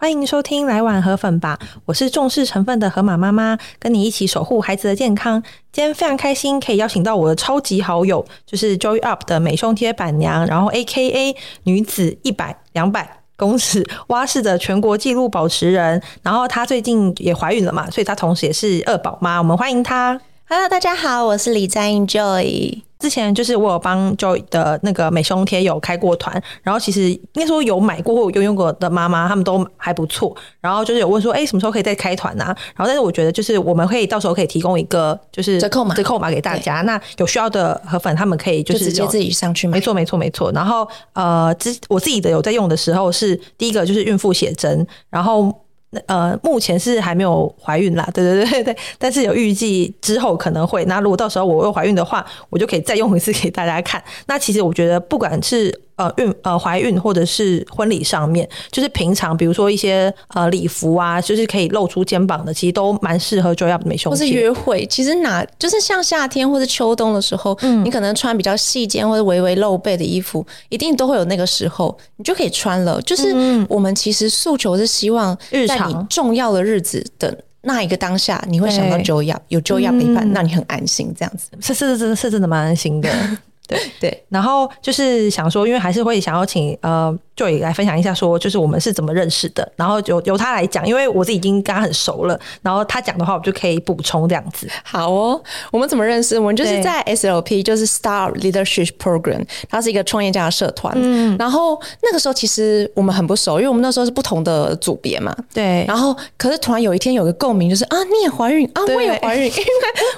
歡迎收聽來碗河粉吧，我是重視成分的河馬媽媽，跟你一起守護孩子的健康。今天非常開心，可以邀請到我的超級好友，就是 Joy Up 的美胸貼闆娘，然後 A K A 女子一百兩百公尺蛙式的全國紀錄保持人，然後她最近也懷孕了嘛，所以她同時也是二寶媽，我們歡迎她。Hello，大家好，我是李詹瑩 Joy 之前就是我有幫 Joy 的那個美胸貼有開過團，然後其實那時候有買過或有用過的媽媽，他們都還不錯。然後就是有問說，哎、欸，什麼時候可以再開團啊？然後但是我覺得就是我們可以到時候可以提供一個就是折扣碼折扣碼給大家，對那有需要的河粉他們可以就是就直接自己上去買。沒錯沒錯沒錯。然後呃，之我自己的有在用的時候是第一個就是孕婦寫真，然後。那呃，目前是還沒有懷孕啦，對對對對對，但是有預計之後可能會。那如果到時候我又懷孕的話，我就可以再用一次給大家看。那其實我覺得不管是。呃，孕，呃懷孕或者是婚禮上面，就是平常，比如說一些呃禮服啊，就是可以露出肩膀的，其實都蠻適合 JoyUp 美胸，或是約會，其實哪就是像夏天或是秋冬的時候，嗯、你可能穿比較細肩或者微微露背的衣服，一定都會有那個時候，你就可以穿了。就是我們其實訴求是希望，在你重要的日子的那一個當下，常你會想到 JoyUp 對有 JoyUp 陪伴，讓、嗯、你很安心。這樣子是是是是，是真的蠻安心的。 對對，然後就是想說，因為還是會想要請呃。就來分享一下，說就是我們是怎麼認識的。然後由由他來講，因為我自己已經跟他很熟了。然後他講的話，我就可以補充這樣子。好哦，我們怎麼認識？我們就是在 SLP 對就是 Star Leadership Program，他是一個創業家的社團。嗯，然後那個時候其實我們很不熟，因為我們那時候是不同的組別嘛。對。然後可是突然有一天有個共鳴，就是啊你也懷孕啊對我也懷孕，因為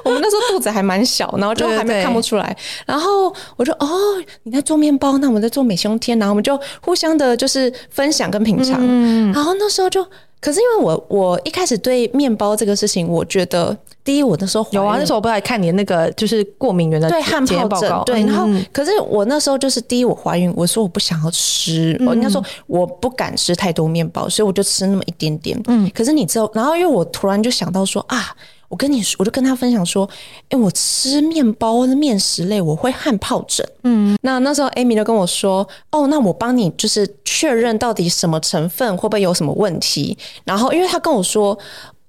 我們那時候肚子還蠻小，然後就還沒看不出來。對對對，然後我說哦你在做麵包，那我們在做美胸貼，然後我們就互相。的，就是分享跟品嘗。嗯,嗯，然後那時候就，可是因為我我一開始對面包這個事情，我覺得第一，我那時候有啊，那時候我不來看你那個就是過敏原的對汗疱疹，對。然後，可是我那時候就是第一，我懷孕，我說我不想要吃，我應該說我不敢吃太多麵包，所以我就吃那麼一點點。嗯,嗯，可是你知道，然後因為我突然就想到說啊。我跟你說，我就跟他分享說，哎，我吃麵包、麵食類我會汗疱疹。嗯，那那時候 Amy 就跟我說，哦，那我幫你就是確認到底什麼成分會不會有什麼問題。然後，因為他跟我說。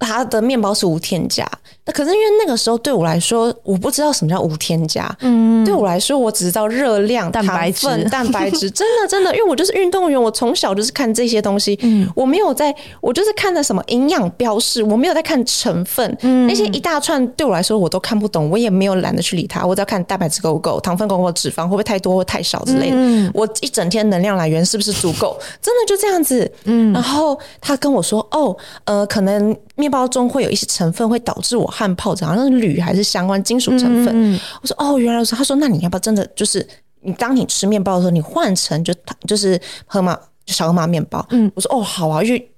他的麵包是無添加，那可是因為那個時候對我來說，我不知道什麼叫無添加。嗯，對我來說，我只知道熱量、蛋白質、糖分、蛋白質。 真的，真的，因為我就是運動員，我從小就是看這些東西。嗯，我沒有在，我就是看的什麼營養標示，我沒有在看成分。嗯，那些一大串對我來說我都看不懂，我也沒有懶得去理它。我只要看蛋白質夠不夠，糖分夠不夠，脂肪會不會太多或太少之類的。嗯，我一整天能量來源是不是足夠？真的就這樣子。嗯，然後他跟我說：“哦，呃，可能。”麵包中會有一些成分會導致我汗皰疹，好像是鋁還是相關金屬成分。嗯、我說哦，原來是他說，那你要不要真的就是，你當你吃麵包的時候，你換成就就是河馬就小河馬麵包。嗯、我說哦，好啊，因為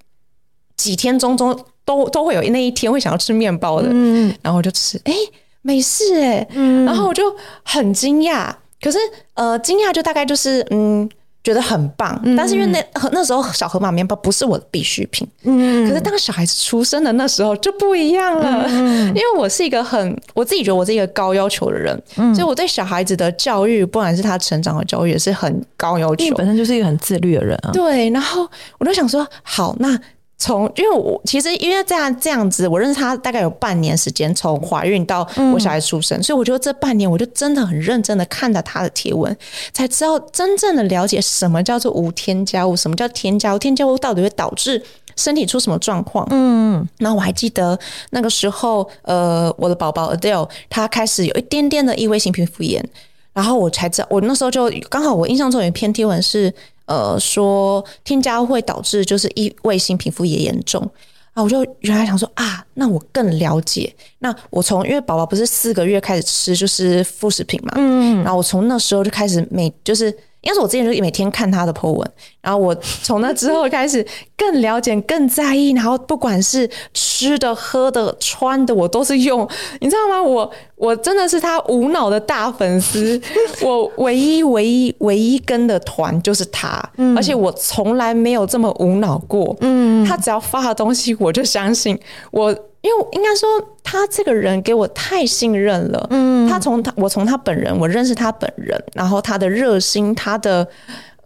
幾天中中都都會有那一天會想要吃麵包的，嗯、然後我就吃，哎、欸，沒事、欸，哎、嗯，然後我就很驚訝，可是呃，驚訝就大概就是嗯。覺得很棒，嗯、但是，因為那那時候小河馬麵包不是我的必需品，嗯、可是當小孩子出生的那時候就不一樣了，嗯、因為我是一個很我自己覺得我是一個高要求的人，嗯、所以我對小孩子的教育，不管是他成長和教育，也是很高要求，你本身就是一個很自律的人、啊、對，然後我就想說，好，那。從因為我其實因為這樣這樣子，我認識他大概有半年時間，從懷孕到我小孩出生，嗯、所以我覺得這半年我就真的很認真的看了他的貼文，才知道真正的了解什麼叫做無添加物，什麼叫添加物，添加物到底會導致身體出什麼狀況。嗯，然後我還記得那個時候，呃，我的寶寶 Adele 他開始有一點點的異位性皮膚炎，然後我才知道，我那時候就剛好我印象中有一篇貼文是。呃，說添加會導致就是異位性皮膚也嚴重啊，我就原來想說啊，那我更了解。那我從因為寶寶不是四個月開始吃就是副食品嘛，嗯，然後我從那時候就開始每就是。因為我之前就每天看他的 po 文，然後我從那之後開始更了解， 更在意，然後不管是吃的、喝的、穿的，我都是用，你知道嗎？我我真的是他無腦的大粉絲， 我唯一、唯一、唯一跟的團就是他，嗯，而且我從來沒有這麼無腦過，嗯，他只要發的東西我就相信，我。因為應該說他這個人給我太信任了，嗯、他從他我從他本人我認識他本人，然後他的熱心，他的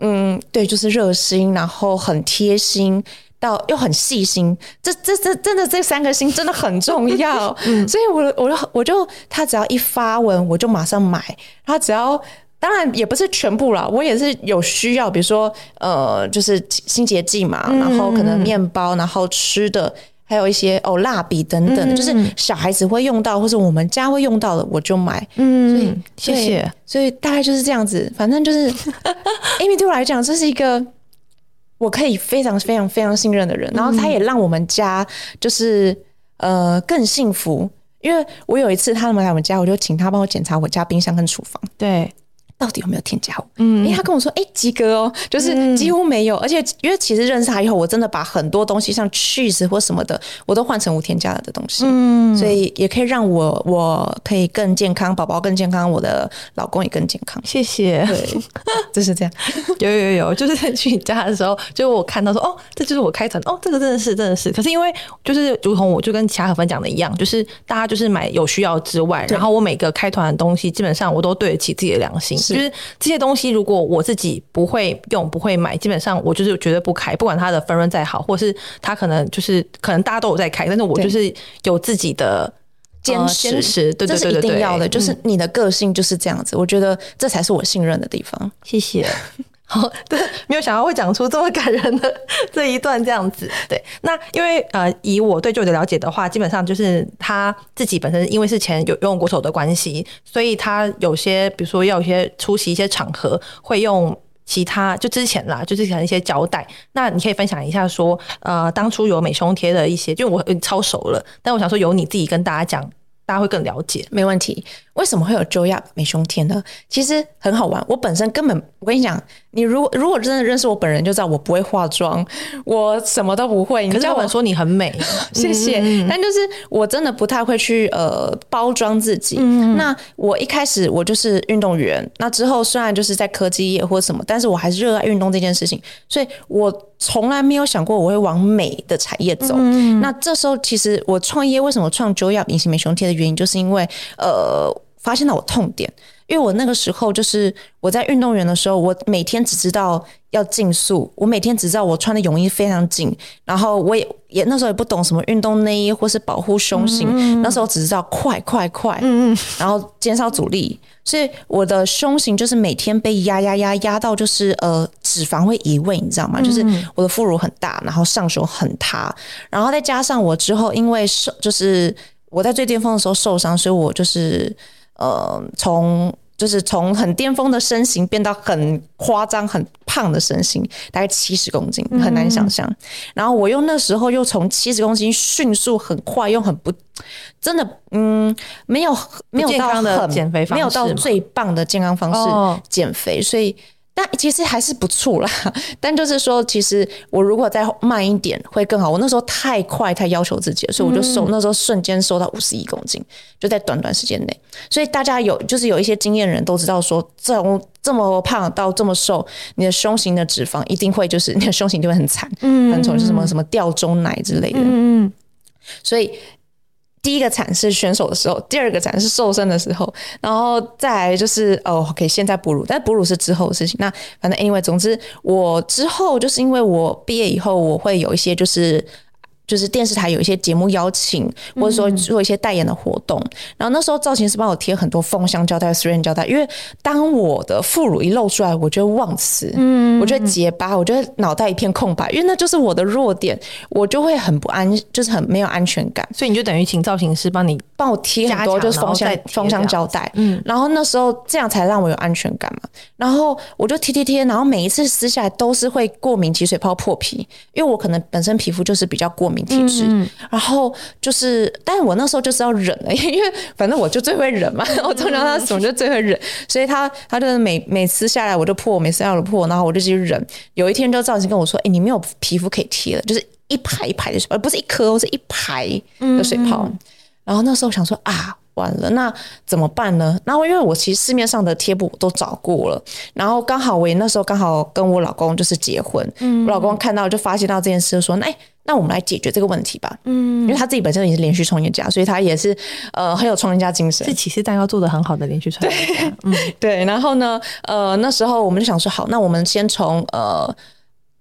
嗯對，就是熱心，然後很貼心，到又很細心，這這這真的這三個心真的很重要， 嗯、所以我我我就他只要一發文我就馬上買，他只要當然也不是全部了，我也是有需要，比如說呃就是清潔劑嘛，嗯、然後可能麵包，然後吃的。還有一些哦、蠟筆等等，嗯、就是小孩子會用到，或者我們家會用到的，我就買。嗯，所以謝謝，所以大概就是這樣子。反正就是， 因為對我來講，這是一個我可以非常非常非常信任的人。嗯、然後他也讓我們家就是呃更幸福。因為我有一次他們來我們家，我就請他幫我檢查我家冰箱跟廚房。對。到底有沒有？添加物嗯，因為、欸、他跟我說，誒、欸，及格哦、喔，就是幾乎沒有，嗯、而且因為其實認識他以後，我真的把很多東西像 cheese 或什麼的，我都換成無添加了的東西。嗯，所以也可以讓我，我可以更健康，寶寶更健康，我的老公也更健康。謝謝，對， 就是這樣。有有有，就是在去你家的時候，就我看到說， 哦，這就是我開團，哦，這個真的是，真的是。可是因為就是，如同我就跟其他河粉講的一樣，就是大家就是買有需要之外，對然後我每個開團的東西，基本上我都對得起自己的良心。就是這些東西，如果我自己不會用、不會買，基本上我就是絕對不開。不管它的分潤再好，或是它可能就是可能大家都有在開，但是我就是有自己的堅持。對，呃、堅持對對，對，這是一定要的。對就是你的個性就是這樣子，嗯、我覺得這才是我信任的地方。謝謝。 好、哦，對，沒有想到會講出這麼感人的這一段這樣子。對，那因為呃，以我對 Joy 的了解的話，基本上就是他自己本身，因為是前游泳國手的關係，所以他有些，比如說要有些出席一些場合，會用其他，就之前啦，就是可能一些膠帶。那你可以分享一下說，呃，當初有美胸貼的一些，就我超熟了，但我想說由你自己跟大家講。大家會更了解，沒問題。為什麼會有 JoyUp 美胸貼呢？其實很好玩。我本身根本，我跟你講，你如果如果真的認識我本人，就知道我不會化妝，我什麼都不會。你叫我可是說你很美，嗯嗯嗯謝謝。但就是我真的不太會去呃包裝自己。嗯嗯那我一開始我就是運動員，那之後雖然就是在科技業或什麼，但是我還是熱愛運動這件事情，所以我。從來沒有想過我會往美的產業走。嗯嗯那這時候，其實我創業為什麼創 JoyUp 隱形美胸貼的原因，就是因為呃，發現到我痛點。因為我那個時候就是我在運動員的時候，我每天只知道要競速，我每天只知道我穿的泳衣非常緊，然後我也也那時候也不懂什麼運動內衣或是保護胸型，嗯、那時候只知道快快快，嗯、然後減少阻力。 所以我的胸型就是每天被壓壓壓壓到，就是呃脂肪會移位，你知道嗎？嗯、就是我的副乳很大，然後上手很塌，然後再加上我之後因為受就是我在最巔峰的時候受傷，所以我就是呃從就是從很巔峰的身形變到很誇張、很胖的身形，大概七十公斤，很難想象。嗯、然後我又那時候又從七十公斤迅速、很快又很不真的，嗯，沒有沒有到健康的減肥方式，沒有到最棒的健康方式減肥，哦、所以。但其實還是不錯啦，但就是說，其實我如果再慢一點會更好。我那時候太快，太要求自己了，所以我就瘦，嗯、那時候瞬間瘦到五十一公斤，就在短短時間內。所以大家有就是有一些經驗人都知道說，從這麼胖到這麼瘦，你的胸型的脂肪一定會就是你的胸型就會很慘，嗯，很醜，就是什麼什麼吊鐘奶之類的，嗯，嗯所以。第一個產是選手的時候，第二個產是瘦身的時候，然後再來就是哦，OK，可以現在哺乳，但哺乳是之後的事情。那反正 anyway 總之，我之後就是因為我畢業以後，我會有一些就是。就是電視台有一些節目邀請，或者說做一些代言的活動。嗯嗯，然後那時候造型師幫我貼很多封箱膠帶、絲絨膠帶，因為當我的副乳一露出來，我就會忘詞，嗯，嗯我會，我就結巴，我就腦袋一片空白，因為那就是我的弱點，我就會很不安，就是很沒有安全感。所以你就等於請造型師幫你幫我貼很多，就是封箱封箱膠帶。嗯，然後那時候這樣才讓我有安全感嘛。然後我就貼貼貼，然後每一次撕下來都是會過敏、起水泡、破皮，因為我可能本身皮膚就是比較過敏。體質。嗯、哼然後就是，但是我那時候就是要忍了，因為反正我就最會忍嘛，嗯、哼 我通常他總是就最會忍，所以他他就是每每次下來我就破，每次要了破，然後我就去忍。有一天，就兆新跟我說：“哎、欸，你沒有皮膚可以貼了，就是一排一排的水泡，泡不是一顆，是一排的水泡。嗯哼”然後那時候我想說啊。完了，那怎麼辦呢？然後因為我其實市面上的貼布都找過了，然後剛好我那時候剛好跟我老公就是結婚，嗯，我老公看到就發現到這件事，說，哎，那我們來解決這個問題吧，嗯，因為他自己本身也是連續創業家，所以他也是呃很有創業家精神，是其實蛋糕做的很好的連續創業家，對嗯，對。然後呢，呃，那時候我們就想說，好，那我們先從呃。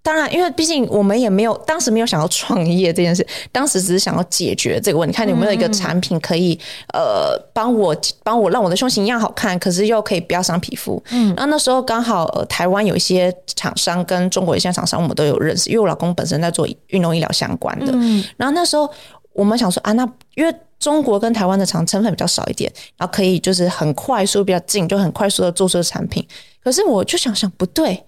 當然，因為畢竟我們也沒有當時沒有想要創業這件事，當時只是想要解決這個問題，你看有沒有一個產品可以、嗯、呃幫我幫我讓我的胸型一樣好看，可是又可以不要傷皮膚。嗯，然後那時候剛好、呃、台灣有一些廠商跟中國一些廠商我們都有認識，因為我老公本身在做運動醫療相關的。嗯，然後那時候我們想說啊，那因為中國跟台灣的廠成分比較少一點，然後可以就是很快速比較近，就很快速的做出產品。可是我就想想不對，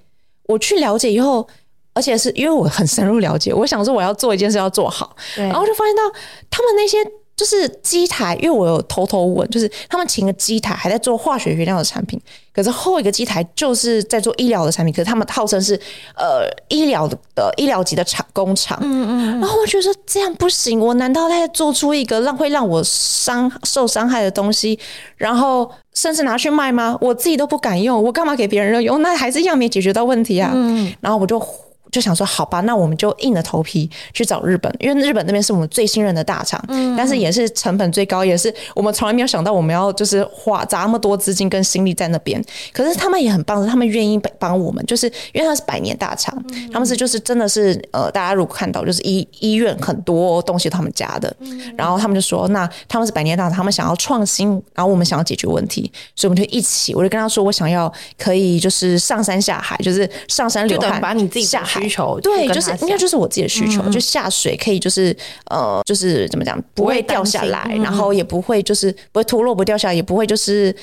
我去了解以後。而且是因為我很深入了解，我想說我要做一件事要做好，對然後就發現到他們那些就是機台，因為我有偷偷問，就是他們前個機台還在做化學原料的產品，可是後一個機台就是在做醫療的產品，可是他們號稱是呃醫療的、呃、醫療級的廠工廠，嗯嗯，嗯然後我覺得這樣不行，我難道在做出一個讓會讓我傷受傷害的東西，然後甚至拿去賣嗎？我自己都不敢用，我幹嘛給別人用？那還是一樣沒解決到問題啊，嗯，然後我就。就想說好吧，那我們就硬着頭皮去找日本，因為日本那邊是我們最信任的大廠，嗯嗯，但是也是成本最高，也是我們從來沒有想到我們要就是花砸那麼多資金跟心力在那邊。可是他們也很棒，嗯、他們願意幫我們，就是因為他們是百年大廠，嗯嗯，他們是就是真的是呃，大家如果看到就是醫醫院很多東西都他們家的，然後他們就說那他們是百年大廠，他們想要創新，然後我們想要解決問題，所以我們就一起，我就跟他說我想要可以就是上山下海，就是上山流汗下海。需求對，就是應該就是我自己的需求，嗯、就下水可以，就是呃，就是怎麼講，不會掉下來，嗯、然後也不會就是不會脫落，不掉下來，也不會就是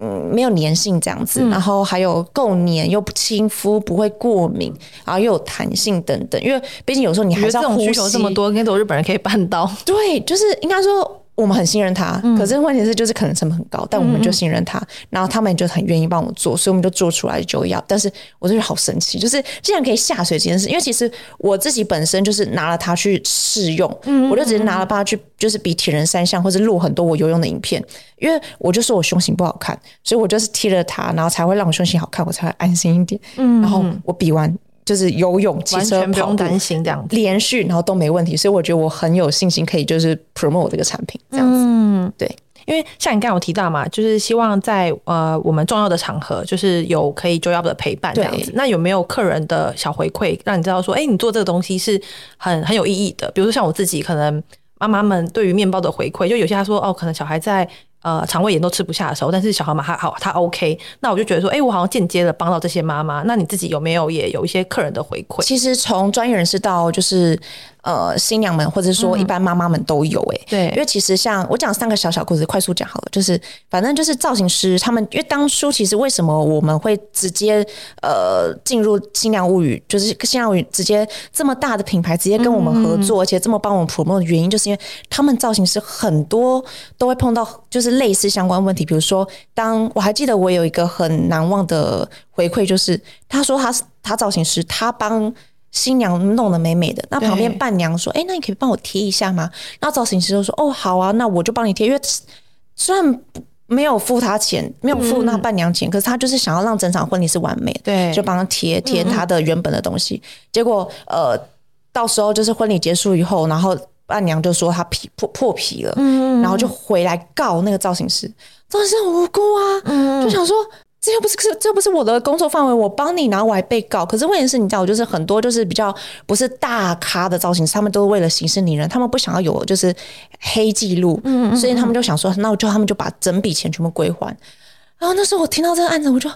嗯沒有粘性這樣子，嗯、然後還有夠粘又不親膚，不會過敏，然後又有彈性等等，因為畢竟有時候你還是要呼吸這種需求這麼多，跟都日本人可以辦到，對，就是應該說。我們很信任他，可是問題是就是可能成本很高，嗯、但我們就信任他，然後他們就很願意幫我做，所以我們就做出來就要。但是我就覺得好神奇，就是竟然可以下水這件事，因為其實我自己本身就是拿了它去試用，我就直接拿了它去就是比鐵人三項或者錄很多我游泳的影片，因為我就說我胸型不好看，所以我就是貼了它，然後才會讓我胸型好看，我才會安心一點。然後我比完。就是游泳、騎車，完全不用擔心這樣子。跑步，連續然後都沒問題，所以我覺得我很有信心可以就是 promote 這個產品這樣子。嗯，對，因為像你剛才有提到嘛，就是希望在呃我們重要的場合，就是有可以 JoyUp 的陪伴這樣子。欸、那有沒有客人的小回饋，讓你知道說，哎、欸，你做這個東西是很很有意義的？比如說像我自己，可能媽媽們對於麵包的回饋，就有些她說，哦，可能小孩在。呃，腸胃炎都吃不下的時候，但是小孩嘛還好，他 OK。那我就覺得說，哎、欸，我好像間接的幫到這些媽媽。那你自己有沒有也有一些客人的回饋？其實從專業人士到就是呃新娘們，或者是說一般媽媽們都有哎、欸。對，嗯、因為其實像我講三個小小故事，快速講好了，就是反正就是造型師他們，因為當初其實為什麼我們會直接呃進入新娘物語，就是新娘物語直接這麼大的品牌直接跟我們合作，嗯嗯而且這麼幫我們 promote 的原因，就是因為他們造型師很多都會碰到就是。類似相關問題，比如說當，當我還記得我有一個很難忘的回饋，就是他說他是他造型師，他幫新娘弄得美美的。那旁邊伴娘說：“哎對、欸，那你可以幫我貼一下嗎？”那造型師就說：“哦，好啊，那我就幫你貼，因為雖然沒有付他錢，沒有付那伴娘錢，嗯、可是他就是想要讓整場婚禮是完美的，對，就幫他貼貼他的原本的東西。嗯、結果呃，到時候就是婚禮結束以後，然後。伴、啊、娘就說他皮破破皮了，嗯嗯嗯，然後就回來告那個造型師，造型師很無辜啊，嗯嗯，就想說這又不是這又不是我的工作範圍，我幫你拿，然後我還被告。可是問題是你知道，我就是很多就是比較不是大咖的造型師，他們都是為了息事寧人，他們不想要有就是黑記錄，嗯嗯嗯嗯，所以他們就想說，那我就他們就把整筆錢全部歸還。然後那時候我聽到這個案子，我就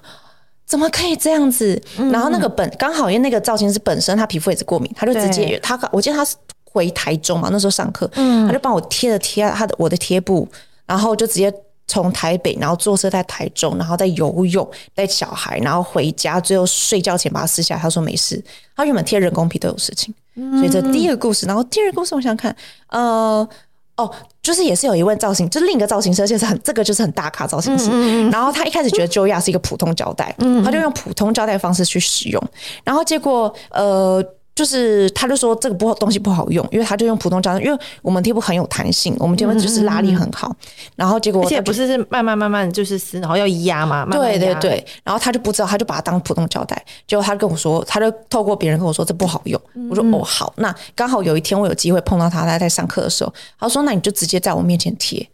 怎麼可以這樣子？嗯嗯，然後那個本剛好因為那個造型師本身他皮膚也是過敏，他就直接對他，我記得他是。回台中嘛？那時候上課，他就幫我貼了貼他的我的貼布，然後就直接從台北，然後坐車在台中，然後在游泳帶小孩，然後回家，最後睡覺前把它撕下來，他說沒事。他原本貼人工皮都有事情，所以這第一個故事。然後第二個故事，我想看，呃，哦，就是也是有一位造型，就是另一個造型師，就是很這個就是很大咖造型師。嗯嗯嗯然後他一開始覺得 JoyUp、嗯嗯、是一個普通膠帶，他就用普通膠帶方式去使用，然後結果呃。就是，他就說這個不好東西不好用，因為他就用普通膠帶，因為我們貼布很有彈性，我們貼布就是拉力很好，嗯嗯嗯然後結果而且不是是，慢慢慢慢就是撕，然後要壓嘛，對對對，慢慢然後他就不知道，他就把它當普通膠帶，結果他跟我說，他就透過別人跟我說這不好用，我說哦好，那剛好有一天我有機會碰到他，他在上課的時候，他說那你就直接在我面前貼。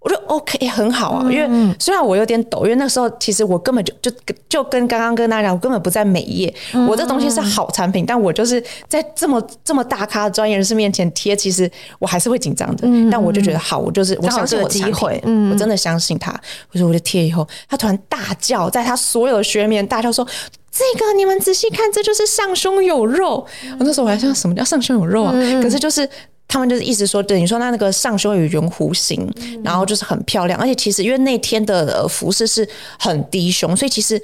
我說 OK，很好啊，因為雖然我有點抖，嗯、因為那時候其實我根本就就就跟剛剛跟大家講，我根本不在美業，我這東西是好產品，嗯、但我就是在這麼這麼大咖的專業人士面前貼，其實我還是會緊張的。嗯、但我就覺得好，我就是我相信我機會，我，嗯、我真的相信他。我說我就貼以後，他突然大叫，在他所有的學員面前大叫說：“嗯、這個你們仔細看，這就是上胸有肉。嗯”我那時候我還想，什麼叫上胸有肉啊？嗯、可是就是。他們就是一直說，等於說他那，那個上胸有圓弧形，嗯、然後就是很漂亮。而且其實因為那天的服飾是很低胸，所以其實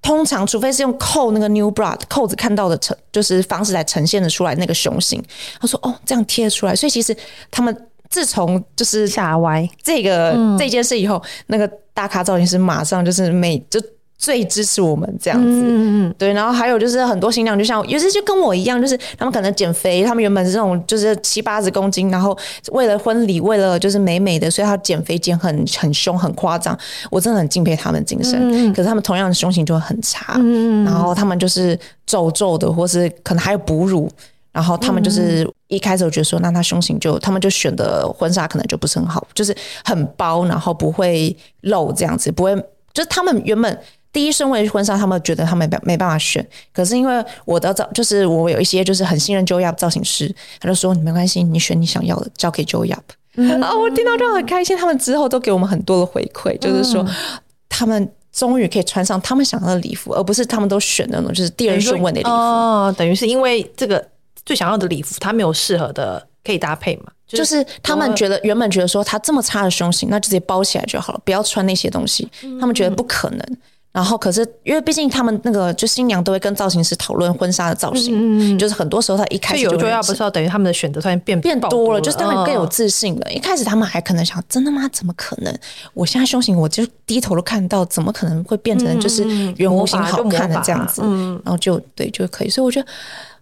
通常除非是用扣那個 NuBra 扣子看到的呈，就是方式來呈現的出來那個胸型。他說哦，這樣貼出來。所以其實他們自從就是傻歪這個歪，嗯、這件事以後，那個大咖造型師馬上就是每就。最支持我們這樣子，嗯嗯嗯對，然後還有就是很多新娘，就像有些就跟我一樣，就是他們可能減肥，他們原本是這種就是七八十公斤，然後為了婚禮，為了就是美美的，所以她減肥減很很凶，很誇張。我真的很敬佩他們精神，嗯嗯可是他們同樣的胸型就會很差，嗯嗯然後他們就是皺皺的，或是可能還有哺乳，然後他們就是一開始我覺得說，那她胸型就嗯嗯他們就選的婚紗可能就不是很好，就是很包，然後不會露這樣子，不會就是他們原本。第一順位婚紗，他們覺得他們沒沒辦法選，可是因為我的造就是我有一些就是很信任 JoyUp 造型師，他就說你沒關係，你選你想要的，交給 JoyUp。嗯、然後我聽到就很開心。嗯、他們之後都給我們很多的回饋，嗯、就是說他們終於可以穿上他們想要的禮服，而不是他們都選的那種就是第二順位的禮服。哦，等於是因為這個最想要的禮服，他沒有適合的可以搭配嘛？就是，就是他們覺得我原本覺得說他這麼差的胸型，那就直接包起來就好了，嗯、不要穿那些東西。他們覺得不可能。嗯然後可是，因為畢竟他們那個就新娘都會跟造型師討論婚紗的造型，嗯嗯嗯、就是很多時候他一開始就，始就，就要不是等於他們的選擇，突然變多變多了，哦、就是他們更有自信了。一開始他們還可能想，真的嗎？怎麼可能？我現在胸型，我就低頭都看到，怎麼可能會變成就是圓弧形好看的這樣子？嗯嗯嗯、然後就對，就可以。所以我覺得，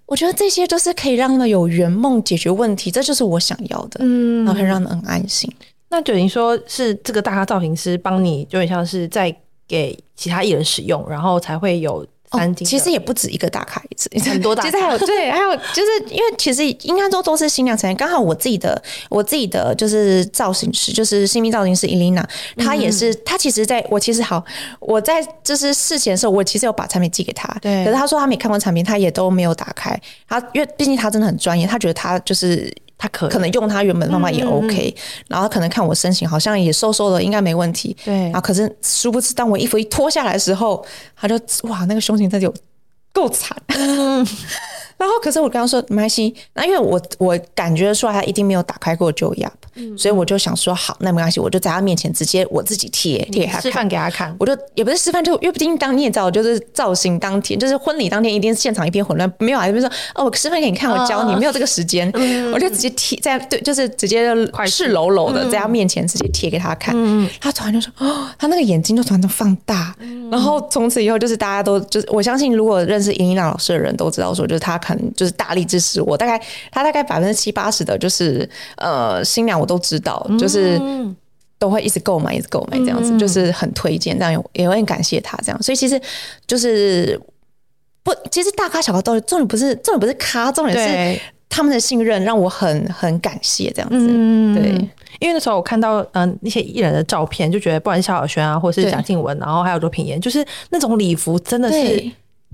我覺得這些都是可以讓他有圓夢解決問題，這就是我想要的，嗯，然後很讓人很安心。那等於說是這個大咖造型師幫你，有點像是在。給其他藝人使用，然後才會有三金，哦、其實也不止一個打卡一次，很多。其實還有對，還有就是因為其實應該都都是新娘產品。剛好我自己的我自己的就是造型師，就是新秘造型師伊琳娜，她也是她其實在我其實好我在就是事前的時候，我其實有把產品寄給她，對可是她說她沒看過產品，她也都沒有打開。她因為畢竟她真的很專業，她覺得她就是。他可可能用他原本的媽媽也 OK，嗯嗯嗯然後他可能看我身形好像也瘦瘦的，應該沒問題。對，然後可是殊不知，當我衣服一脫下來的時候，他就哇，那個胸型他就夠慘。嗯、 然後可是我剛剛說麥西，那因為我我感覺出來他一定沒有打開過舊牙。所以我就想說，好，那沒關係，我就在他面前直接我自己貼貼給他看，示範給他看。我就也不是示範，就因為不定當你也知道，就是造型當天，就是婚禮當天，一天，一定是現場一片混亂。沒有啊，比如說哦，我示範給你看，我教你，哦、沒有這個時間，嗯嗯我就直接貼在對，就是直接赤裸裸的在他面前直接貼給他看。嗯、他突然就說，哦，他那個眼睛就突然都放大。然後從此以後，就是大家都就是我相信，如果認識尹一娜老師的人都知道說，就是他可能就是大力支持我。大概他大概百分之七八十的就是呃新娘我。都知道，就是都會一直購買，嗯、一直購買這樣子，就是很推薦，這樣也也很感謝他這樣。所以其實就是不，其實大咖小咖都重點不是重點不是咖，重點是他們的信任讓我很很感謝這樣子。嗯、對，因為那時候我看到嗯、呃、那些藝人的照片，就覺得不管是蕭亞軒啊，或是蔣靜文、啊，然後還有羅品言，對就是那種禮服真的是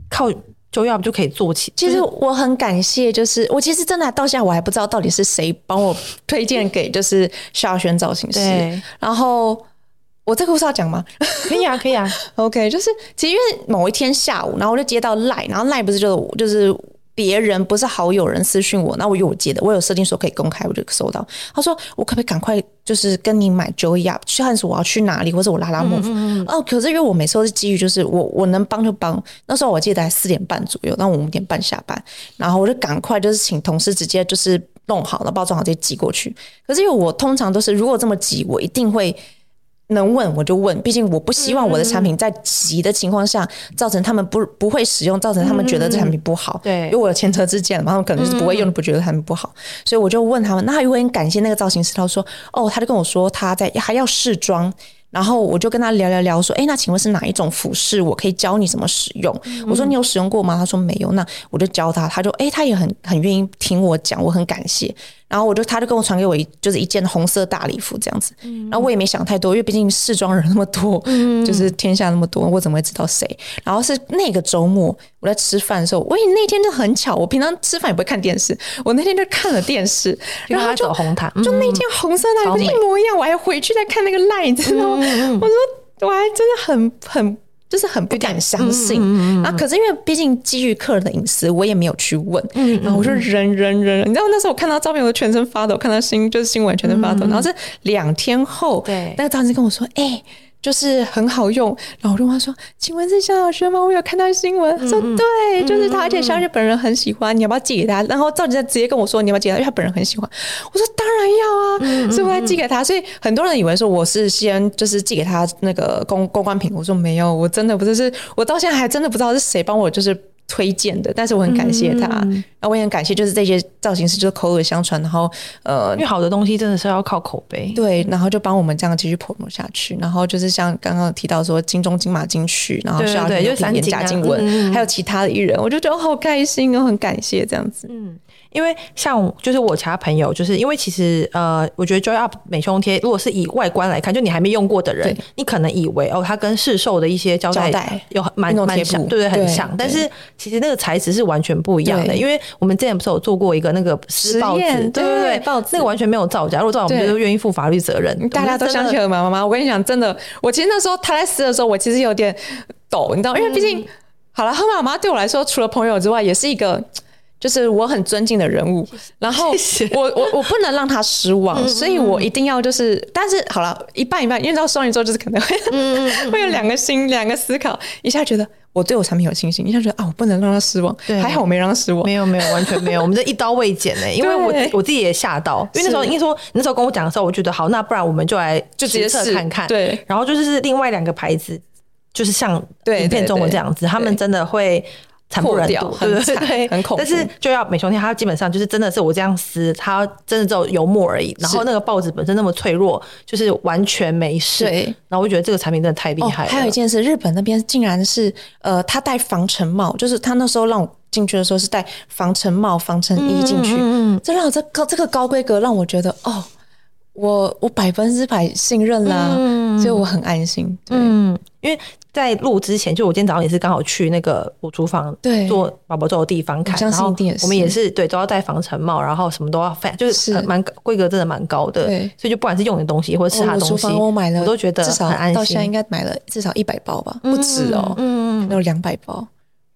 靠。就要不就可以做起。其實我很感謝，就是我其實真的到現在我還不知道到底是誰幫我推薦給就是蕭亞軒造型師。對 然後我這個不是要講嗎？可以啊，可以啊。 OK，就是其實因為某一天下午，然後我就接到賴，然後賴不是就是我就是。別人不是好友人私訊我，那我有我接的，我有設定說可以公開，我就收到。他說我可不可以趕快就是跟你買 Joy Up？去還是我要去哪裡？或者我拉拉 Move 哦，可是因為我每次都是機遇，就是我我能幫就幫。那時候我記得四點半左右，那我五點半下班，然後我就趕快就是請同事直接就是弄好了，包裝好直接寄過去。可是因為我通常都是如果這麼急，我一定會。能問我就問，畢竟我不希望我的產品在急的情況下造成他們不不會使用，造成他們覺得這產品不好。嗯嗯對，因為我有前車之鑑，他們可能是不會用，不覺得他們不好，嗯嗯所以我就問他們。那如果很感謝那個造型師，他說：“哦，他就跟我說他在還要試妝。”然後我就跟他聊聊聊，說：“哎，那請問是哪一種膚質？我可以教你怎麼使用。嗯”我說：“你有使用過嗎？”他說：“沒有。”那我就教他，他就哎，他也很很願意聽我講，我很感謝。然後我就，他就跟我傳給我一，就是一件紅色大禮服這樣子。嗯、然後我也沒想太多，因為畢竟試裝人那麼多，嗯、就是天下那麼多，我怎麼會知道誰？然後是那個週末，我在吃飯的時候，我那天就很巧，我平常吃飯也不會看電視，我那天就看了電視，他走然後就紅毯，嗯、就那件紅色大禮服不是一模一樣，我還回去再看那個 LINE，你知道嗎？嗯、我說我還真的很很。就是很不敢相信，嗯嗯嗯、啊！可是因為畢竟基於客人的隱私，我也沒有去問。嗯、然後我就忍忍忍，嗯、你知道那時候我看到照片，我全身發抖；看到新就是新聞，全身發抖。嗯、然後是兩天後，對那個張杰跟我說：“哎、欸。”就是很好用，然後我跟他說：“請問是蕭亞軒嗎？我有看到新聞，嗯嗯說對，就是他，而且蕭亞軒本人很喜歡，你要不要寄給他？”嗯嗯然後趙杰直接跟我說：“你要不要寄給他？因為他本人很喜歡。”我說：“當然要啊，嗯嗯嗯所以我要寄給他。”所以很多人以為說我是先就是寄給他那個公公關品，我說沒有，我真的不是，我到現在還真的不知道是誰幫我就是。推薦的，但是我很感謝他，那、嗯、我也很感謝，就是這些造型師，就是口耳相傳，然後呃，因為好的東西真的是要靠口碑，對，然後就幫我們這樣繼續 promote 下去。然後就是像剛剛提到說金鐘、金馬、金曲，然後是要演賈靜雯，對對對啊，嗯、還有其他的藝人，我就覺得好開心，哦，我很感謝這樣子。嗯。因為像就是我其他朋友，就是因為其實呃，我覺得 Joy Up 美胸貼，如果是以外觀來看，就你還沒用過的人，你可能以為哦，它跟市售的一些膠帶有蠻蠻像，對對，很像。但是其實那個材質是完全不一樣的，因為我們之前不是有做過一個那個撕報紙實驗，對對對，報紙，那個完全沒有造假，如果造假，我們就願意負法律責任。大家都相信河馬媽媽，我跟你講，真的，我其實那時候他在撕的時候，我其實有點抖，你知道，因為畢竟，嗯、好了，河馬媽媽對我來說，除了朋友之外，也是一個。就是我很尊敬的人物，然後我我我不能讓他失望，所以我一定要就是，但是好了，一半一半，因為到雙魚座就是可能會會有兩個心，兩個思考，一下覺得我對我產品有信心，一下覺得啊我不能讓他失望，對，還好我沒讓他失望，沒有沒有完全沒有，我們這一刀未剪呢，因為我我自己也嚇到，因為那時候，因為說那時候跟我講的時候，我覺得好，那不然我們就來就直接試看看，對，然後就是另外兩個牌子，就是像影片中文這樣子，他們真的會。慘不忍睹，對,對對，很恐怖。但是就要美胸貼，它基本上就是真的是我這樣撕，它真的只有油墨而已。是然後那個報紙本身那麼脆弱，就是完全沒事。對然後我就覺得這個產品真的太厲害了、哦。還有一件事，日本那邊竟然是呃，他戴防塵帽，就是他那時候讓我進去的時候是戴防塵帽、防塵衣進去嗯。嗯，這讓我這這個高規格讓我覺得哦，我我百分之百信任啦，嗯、所以我很安心。對。嗯因為在錄之前，就我今天早上也是剛好去那個我廚房做寶寶粥的地方看，然後我們也是對，都要戴防塵帽，然後什麼都要，就是蠻規格真的蠻高的，所以就不管是用的東西或者吃它的東西，我廚房我買了，我都覺得很安心，到現在應該買了至少一百包吧，不止哦，嗯，有兩百包，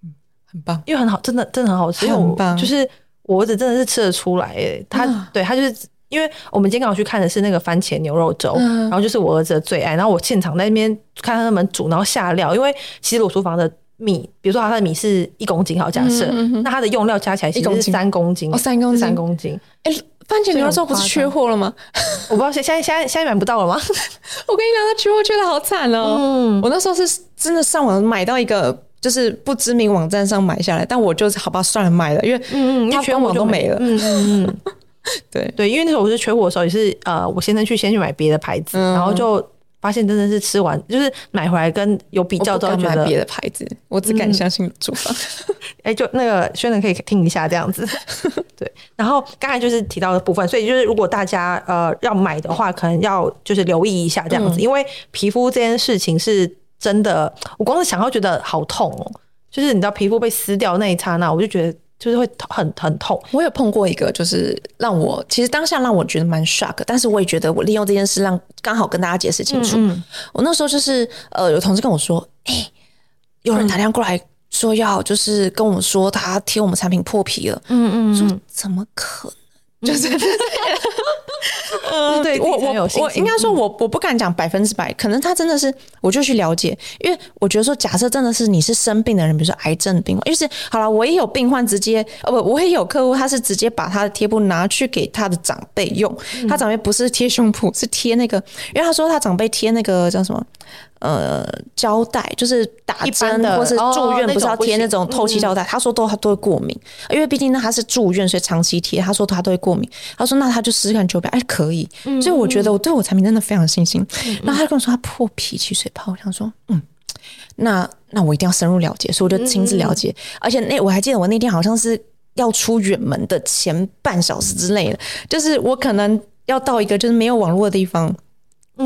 嗯，很棒，因為很好，真的真的很好吃，很棒，就是我兒子真的是吃得出來，哎，他對他就是。因為我們今天剛好去看的是那個番茄牛肉粥，嗯、然後就是我兒子的最愛。然後我現場在那邊看他們煮，然後下料。因為其實我廚房的米，比如說它的米是一公斤，好假設，嗯嗯嗯、那它的用料加起來一共是三公斤哦，三公斤三公斤。哎、哦欸，番茄牛肉粥不是缺貨了嗎？我不知道現在現在現在買不到了嗎？ 我跟你講，他缺貨缺的好慘哦！嗯、我那時候是真的上網買到一個，就是不知名網站上買下來，但我就是好不好算了，買了，因為嗯嗯，他全網、嗯、都沒了，嗯嗯。嗯對對，因為那時候我是缺貨的時候也是，呃，我先生去先去買別的牌子，嗯、然後就發現真的是吃完就是買回來跟有比較之後，覺得別的牌子我只敢相信廚房，哎、嗯 欸，就那個宣傳可以聽一下這樣子， 對，然後剛才就是提到的部分，所以就是如果大家呃要買的話，可能要就是留意一下這樣子，嗯、因為皮膚這件事情是真的，我光是想到覺得好痛、喔，哦。就是你知道皮膚被撕掉那一剎那，我就覺得。就是會很很痛，我有碰過一個，就是讓我其實當下讓我覺得蠻 shock，但是我也覺得我利用這件事讓剛好跟大家解釋清楚。嗯嗯，我那時候就是呃，有同事跟我說，哎、嗯欸，有人打電話過來說要就是跟我們說他貼我們產品破皮了，嗯，嗯嗯，說怎麼可能？就是、嗯。 呃、嗯，對我我我應該說，我我不敢講百分之百，可能他真的是，我就去了解，因為我覺得說，假設真的是你是生病的人，比如說癌症的病患，因為是好了，我也有病患直接，哦不，我也有客戶，他是直接把他的貼布拿去給他的長輩用，他長輩不是貼胸脯，是貼那個，因為他說他長輩貼那個叫什麼，呃膠帶，就是打針或是住院，不是要貼那種透氣膠帶，哦嗯、他說都他都會過敏，因為畢竟呢他是住院，所以長期貼，他說他都會過敏，他說那他就試試看就表。還可以，所以我覺得我對我產品真的非常有信心。嗯嗯，然後他就跟我說他破皮起水泡，我想說，嗯，那那我一定要深入了解，所以我就親自了解。嗯、而且，那我還記得我那天好像是要出遠門的前半小時之內的，就是我可能要到一個就是沒有網絡的地方。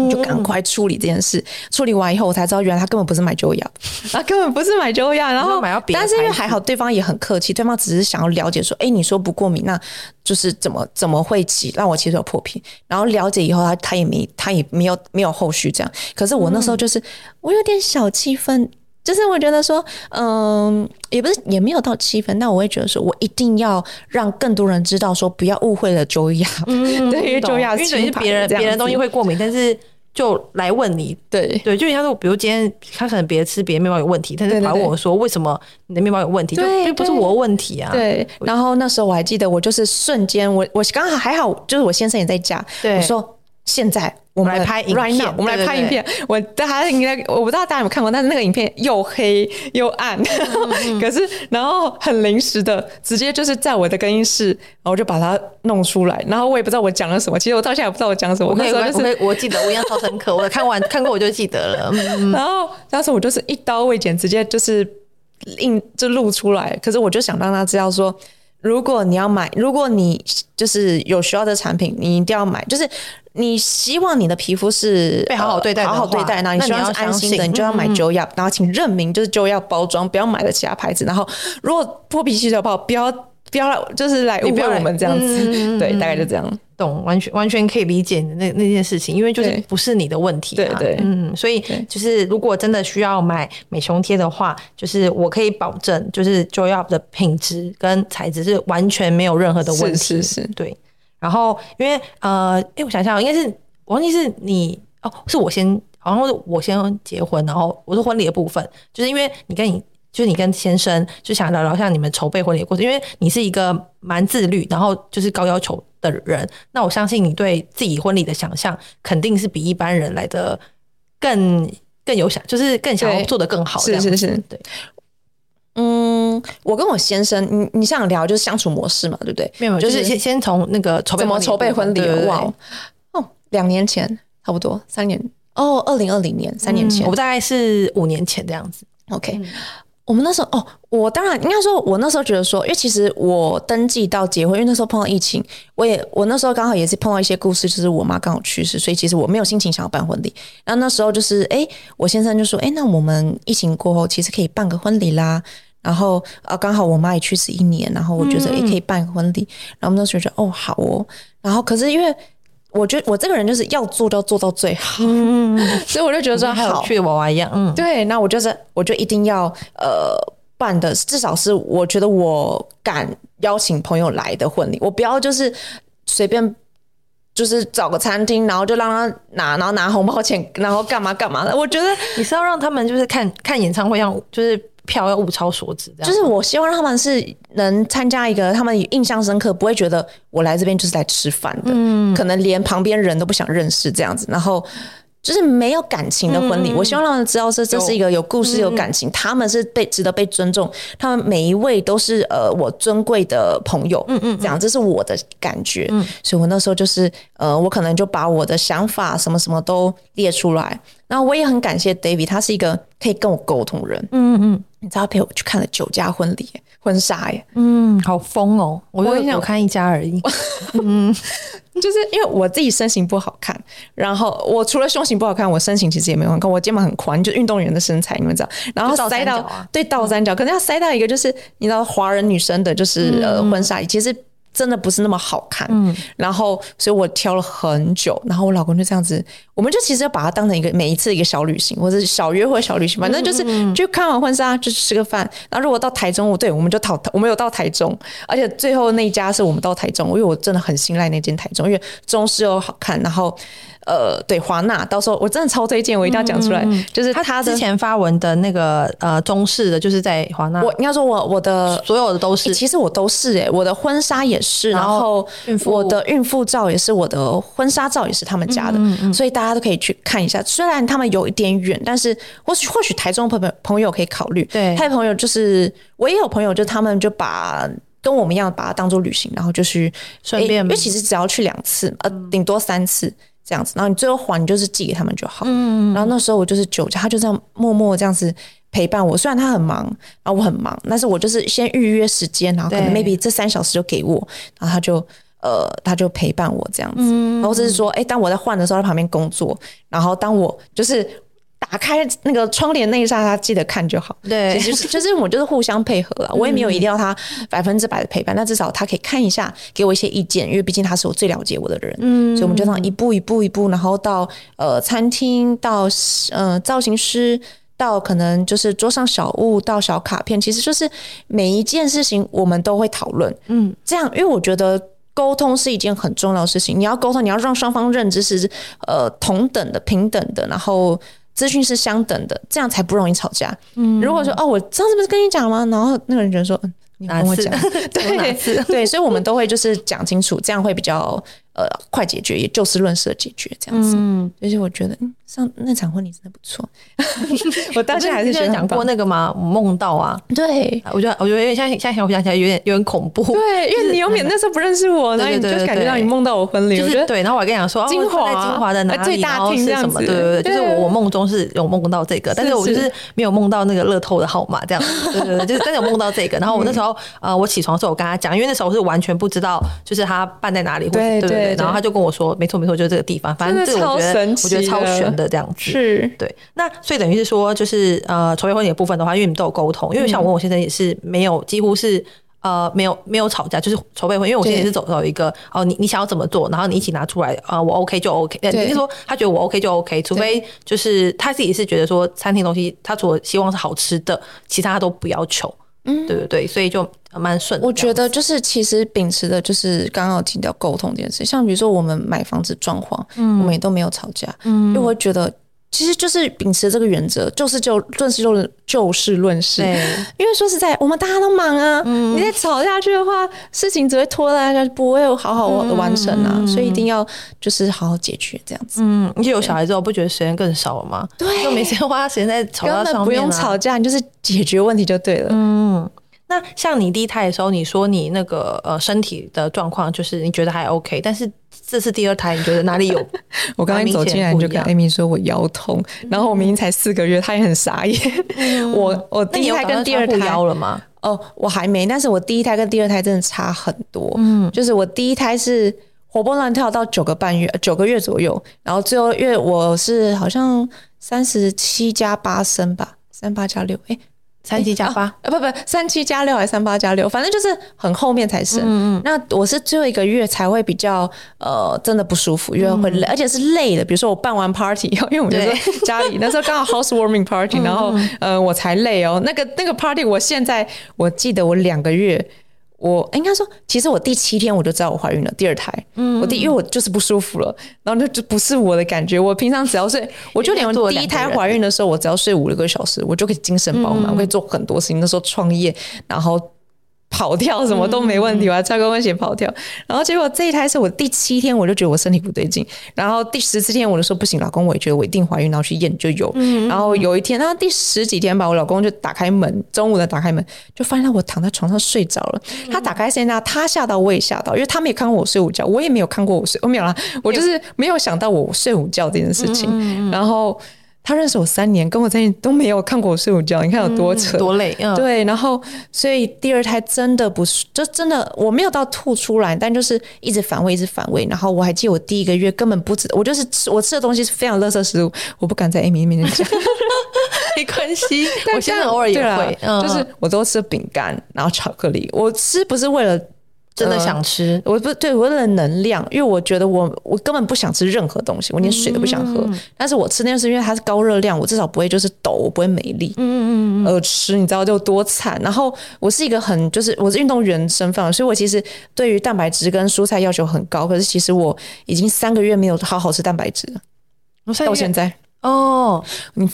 就趕快處理這件事，處理完以後，我才知道原來他根本不是買 JoyUp 啊，根本不是買 JoyUp，然後但是因為還好對方也很客氣， 對方只是想要了解說，哎、欸，你說不過敏，那就是怎麼怎麼會起讓我起手破皮，然後了解以後他他也沒他也沒有沒有後續這樣，可是我那時候就是、嗯、我有點小氣憤。就是我覺得說，嗯，也不是，也沒有到七分。那我會覺得說，我一定要讓更多人知道，說不要誤會了 Joy，嗯， 對於 Joy，懂因為別人別人東西會過敏，但是就來問你，對對，就像說比如說，比如今天他可能別吃別的麵包有問題，他就跑我說為什麼你的面包有問題？對對對就又不是我的問題啊。對。對我然後那時候我還記得，我就是瞬間，我我剛好還好，就是我先生也在家，對我說。現在我們來拍影片，我們來拍影片。我大家應該我不知道大家有沒有看過， 但是那個影片，又黑又暗，嗯嗯，可是然後很臨時的，直接就是在我的更衣室，然後我就把它弄出來。然後我也不知道我講了什麼，其實我到現在也不知道我講什麼。我那時候就是我，我，我記得我印象超深刻，我，我看完 看過我就記得了。嗯、然後當時我就是一刀未剪，直接就是印，就錄出來。可是我就想讓他知道說。如果你要買，如果你就是有需要的產品，你一定要買。就是你希望你的皮膚是被好好對待，好好對待，那你需要安心的，你，你就要買 JoyUp，然後請認明就是 JoyUp 包裝，不要買的其他牌子。然後如果破皮起水泡，不要。不要來，就是來誤會我們這樣子，嗯嗯嗯對，大概就這樣，懂，完全完全可以理解的那那件事情，因為就是不是你的問題，啊，對，對對，嗯，所以就是如果真的需要買美胸貼的話，就是我可以保證，就是 Joy Up 的品質跟材質是完全沒有任何的問題，是是，是，對。然後因為呃，誒、欸，我想想，應該是王靜是你哦，是我先，好像是我先結婚，然後我是婚禮的部分，就是因為你跟你。就是你跟先生就想聊聊，像你們籌備婚禮的過程，因為你是一個蠻自律，然後就是高要求的人。那我相信你對自己婚禮的想象，肯定是比一般人來的更更有想，就是更想要做的更好。是是是，對。嗯，我跟我先生，你你想聊就是相處模式嘛，對不對？沒有，就是先先從那個籌備怎麼籌備婚禮。對對對哦，哦，兩年前差不多，三年哦，二零二零年三年前，嗯、我不大概是五年前這樣子。OK。我們那時候哦，我當然應該說，我那時候覺得說，因為其實我登記到結婚，因為那時候碰到疫情，我也我那時候剛好也是碰到一些故事，就是我媽剛好去世，所以其實我沒有心情想要辦婚禮。然後那時候就是，誒、欸，我先生就說，誒、欸，那我們疫情過後其實可以辦個婚禮啦。然後啊，剛好我媽也去世一年，然後我覺得也、欸、可以辦個婚禮。嗯、然後那時候就覺得，哦，好哦。然後可是因為。我覺得我這個人就是要做到做到最好、 嗯，所以我就覺得說像有趣的娃娃一樣。好嗯，對，那我就是，我就一定要呃辦的，至少是我覺得我敢邀請朋友來的婚禮，我不要就是隨便就是找個餐廳，然後就讓他拿，然後拿紅包錢，然後幹嘛幹嘛的。我覺得你是要讓他們就是看看演唱會讓，讓就是。票要物超所值，就是我希望讓他們是能參加一個他們印象深刻，不會覺得我來這邊就是來吃飯的，嗯，可能連旁邊人都不想認識這樣子，然後就是沒有感情的婚禮。我希望讓他們知道，是這是一個有故事、有感情，他們是被值得被尊重，他們每一位都是呃我尊貴的朋友，嗯嗯，這樣這是我的感覺。嗯，所以我那時候就是呃，我可能就把我的想法什麼什麼都列出來。然後我也很感謝 David，他是一個可以跟我溝通人。嗯嗯，嗯，你知道陪我去看了九家婚禮婚紗耶。嗯，好瘋哦！我跟你我，我看一家而已。嗯， 就是因為我自己身形不好看，然後我除了胸型不好看，我身形其實也沒那看，我肩膀很寬，就是運動員的身材，你們知道。然後塞到倒、啊、對倒三角，可能要塞到一個，就是你知道華人女生的就是呃婚紗，嗯、其實。真的不是那麼好看，嗯，然後所以我挑了很久，然後我老公就這樣子，我們就其實要把它當成一個每一次一個小旅行，或者是小約會、小旅行，反正就是嗯嗯，就看完婚紗就吃個飯，那如果到台中，我對我們就討，我們有到台中，而且最後那一家是我們到台中，因為我真的很信賴那間台中，因為中式又好看，然後。呃，對，華納，到時候我真的超推薦，我一定要講出來。就是他之前發文的那個呃中式的就是在華納。我你要說，我我的所有的都是，其實我都是誒，我的婚紗也是，然後我的孕婦照也是，我的婚紗照也是他們家的，所以大家都可以去看一下。雖然他們有一點遠，但是或許或許台中朋友朋友可以考慮。對，他的朋友就是我也有朋友，就他們就把跟我們一樣把它當做旅行，然後就是順便，因為其實只要去兩次，呃，頂多三次。這樣子，然後你最後還你就是寄給他們就好。嗯、然後那時候我就是酒家，他就這樣默默這樣子陪伴我。雖然他很忙，然後我很忙，但是我就是先預約時間，然後可能 maybe 這三小時就給我，對然後他就呃他就陪伴我這樣子，嗯、然後就是說，哎、欸，當我在換的時候，他在旁邊工作，然後當我就是。打開那個窗簾那一剎，他記得看就好。對， 就是就是我就是互相配合了，我也沒有一定要他百分之百的陪伴，那至少他可以看一下，給我一些意見，因為畢竟他是我最了解我的人。嗯，所以我們就這樣一步一步一步，然後到呃餐廳，到呃造型師，到可能就是桌上小物，到小卡片，其實就是每一件事情我們都會討論。嗯，這樣，因為我覺得溝通是一件很重要的事情，你要溝通，你要讓雙方認知是呃同等的、平等的，然後。資訊是相等的，這樣才不容易吵架。嗯，如果說哦，我上次不是跟你講嗎？然後那個人覺得說，你跟我講，次對對，所以我們都會就是講清楚， 這樣會比較。呃，快解決，也就事論事的解決這樣子。嗯，就是我覺得，嗯，上那場婚禮真的不錯。我當時還是講過那個嘛？夢到啊，對。我覺得，我覺得有點，現在我想起來有點有點恐怖。對，因為你永遠那時候不認識我，然後就感覺到你夢到我婚禮，就是對。然後我還跟你講說，精華在精華在哪裡？然後是什麼？對對對，就是我我夢中是有夢到這個，但是我就是沒有夢到那個樂透的號碼這樣子。對對，真的有夢到這個。然後我那時候呃，我起床的時候我跟他講，因為那時候我是完全不知道，就是他辦在哪裡，對對。然後他就跟我說：“沒錯，沒錯，就是這個地方。反正這個我覺得，我覺得超玄的這樣子。是，對。那所以等於是說，就是呃，籌備婚禮的部分的話，因為你們都有溝通。因為像我跟我先生也是沒有，幾乎是呃，沒有沒有吵架。就是籌備婚，因為我先生也是走走一個哦，你你想要怎麼做，然後你一起拿出來啊，我 OK 就 OK。對，等於是說，他覺得我 OK 就 OK，除非就是他自己是覺得說，餐廳東西他除了希望是好吃的，其他，他都不要求。”嗯，對不對，所以就蠻順。我覺得就是其實秉持的，就是剛剛有提到溝通這件事。像比如說我們買房子狀況，我們也都沒有吵架，嗯，因為我覺得其實就是秉持這個原則，就是就論事就就事論事。因為說實在，我們大家都忙啊，你在吵下去的話，事情只會拖拉下去，不會好好的完成啊。所以一定要就是好好解決這樣子。嗯，你有小孩之後不覺得時間更少了嗎？對，就每天花時間在吵架上面啊。不用吵架，你就是解決問題就對了。嗯。那像你第一胎的時候，你說你那個呃身體的狀況，就是你覺得還 OK，但是這次第二胎你覺得哪裡有一？ 我剛才走進來你就跟 Amy 說我腰痛，嗯嗯然後我明明才四個月，她也很傻眼。嗯嗯我我第一胎跟第二胎了嗎？哦，我還沒，但是我第一胎跟第二胎真的差很多。嗯，就是我第一胎是活蹦亂跳到九個半月，呃、九個月左右，然後最後月我是好像三十七加八升吧，三八加六，誒、欸。三七加八、哎、啊，不不，三七加六還是三八加六，反正就是很後面才是。嗯嗯，那我是最後一個月才會比較呃，真的不舒服，因為會累，嗯、而且是累的。比如說我辦完 party，因為我覺得家裡對 那時候剛好 housewarming party， 嗯嗯然後呃，我才累哦。那個那個 party，我現在我記得我兩個月。我、欸、應該說，其實我第七天我就知道我懷孕了，第二胎。嗯，我第，因為我就是不舒服了，然後那就不是我的感覺。我平常只要睡， 個，我就連我第一胎懷孕的時候，我只要睡五六個小時，我就可以精神飽滿，嗯、我可以做很多事情。那時候創業，然後。跑跳什麼都沒問題吧，啊？穿，嗯嗯、高跟鞋、跳遠、跑跳，然後結果這一胎是我第七天我就覺得我身體不對勁，然後第十四天我就說不行，老公，我也覺得我一定懷孕，然後去驗就有。嗯嗯，然後有一天，然後第十幾天吧，我老公就打開門，中午的打開門就發現我躺在床上睡着了。嗯嗯，他打開現在他嚇到，我也嚇到，因為他沒有看過我睡午覺，我也沒有看過我睡，我、哦、沒有啦，我就是沒有想到我睡午覺這件事情，嗯嗯嗯，然後。他認識我三年，跟我在一起都沒有看過我睡午覺，你看有多扯，嗯、多累，嗯、對。然後，所以第二胎真的不是，就真的我沒有到吐出來，但就是一直反胃，一直反胃。然後我還記得我第一個月根本不止，我就是吃我吃的東西是非常垃圾食物，我不敢在 Amy 面前講。 沒關係係。 但我現在偶爾也會，啦嗯、就是我都吃餅乾，然後巧克力，我吃不是為了。真的想吃，嗯、我不對我為了能量，因為我覺得我我根本不想吃任何東西，我連水都不想喝。嗯、但是我吃的那是因為它是高熱量，我至少不會就是抖，我不會沒力。嗯嗯嗯，而吃你知道就多慘。然後我是一個很就是我是運動員身份，所以我其實對於蛋白質跟蔬菜要求很高。可是其實我已經三個月沒有好好吃蛋白質了，太遠，到現在。哦，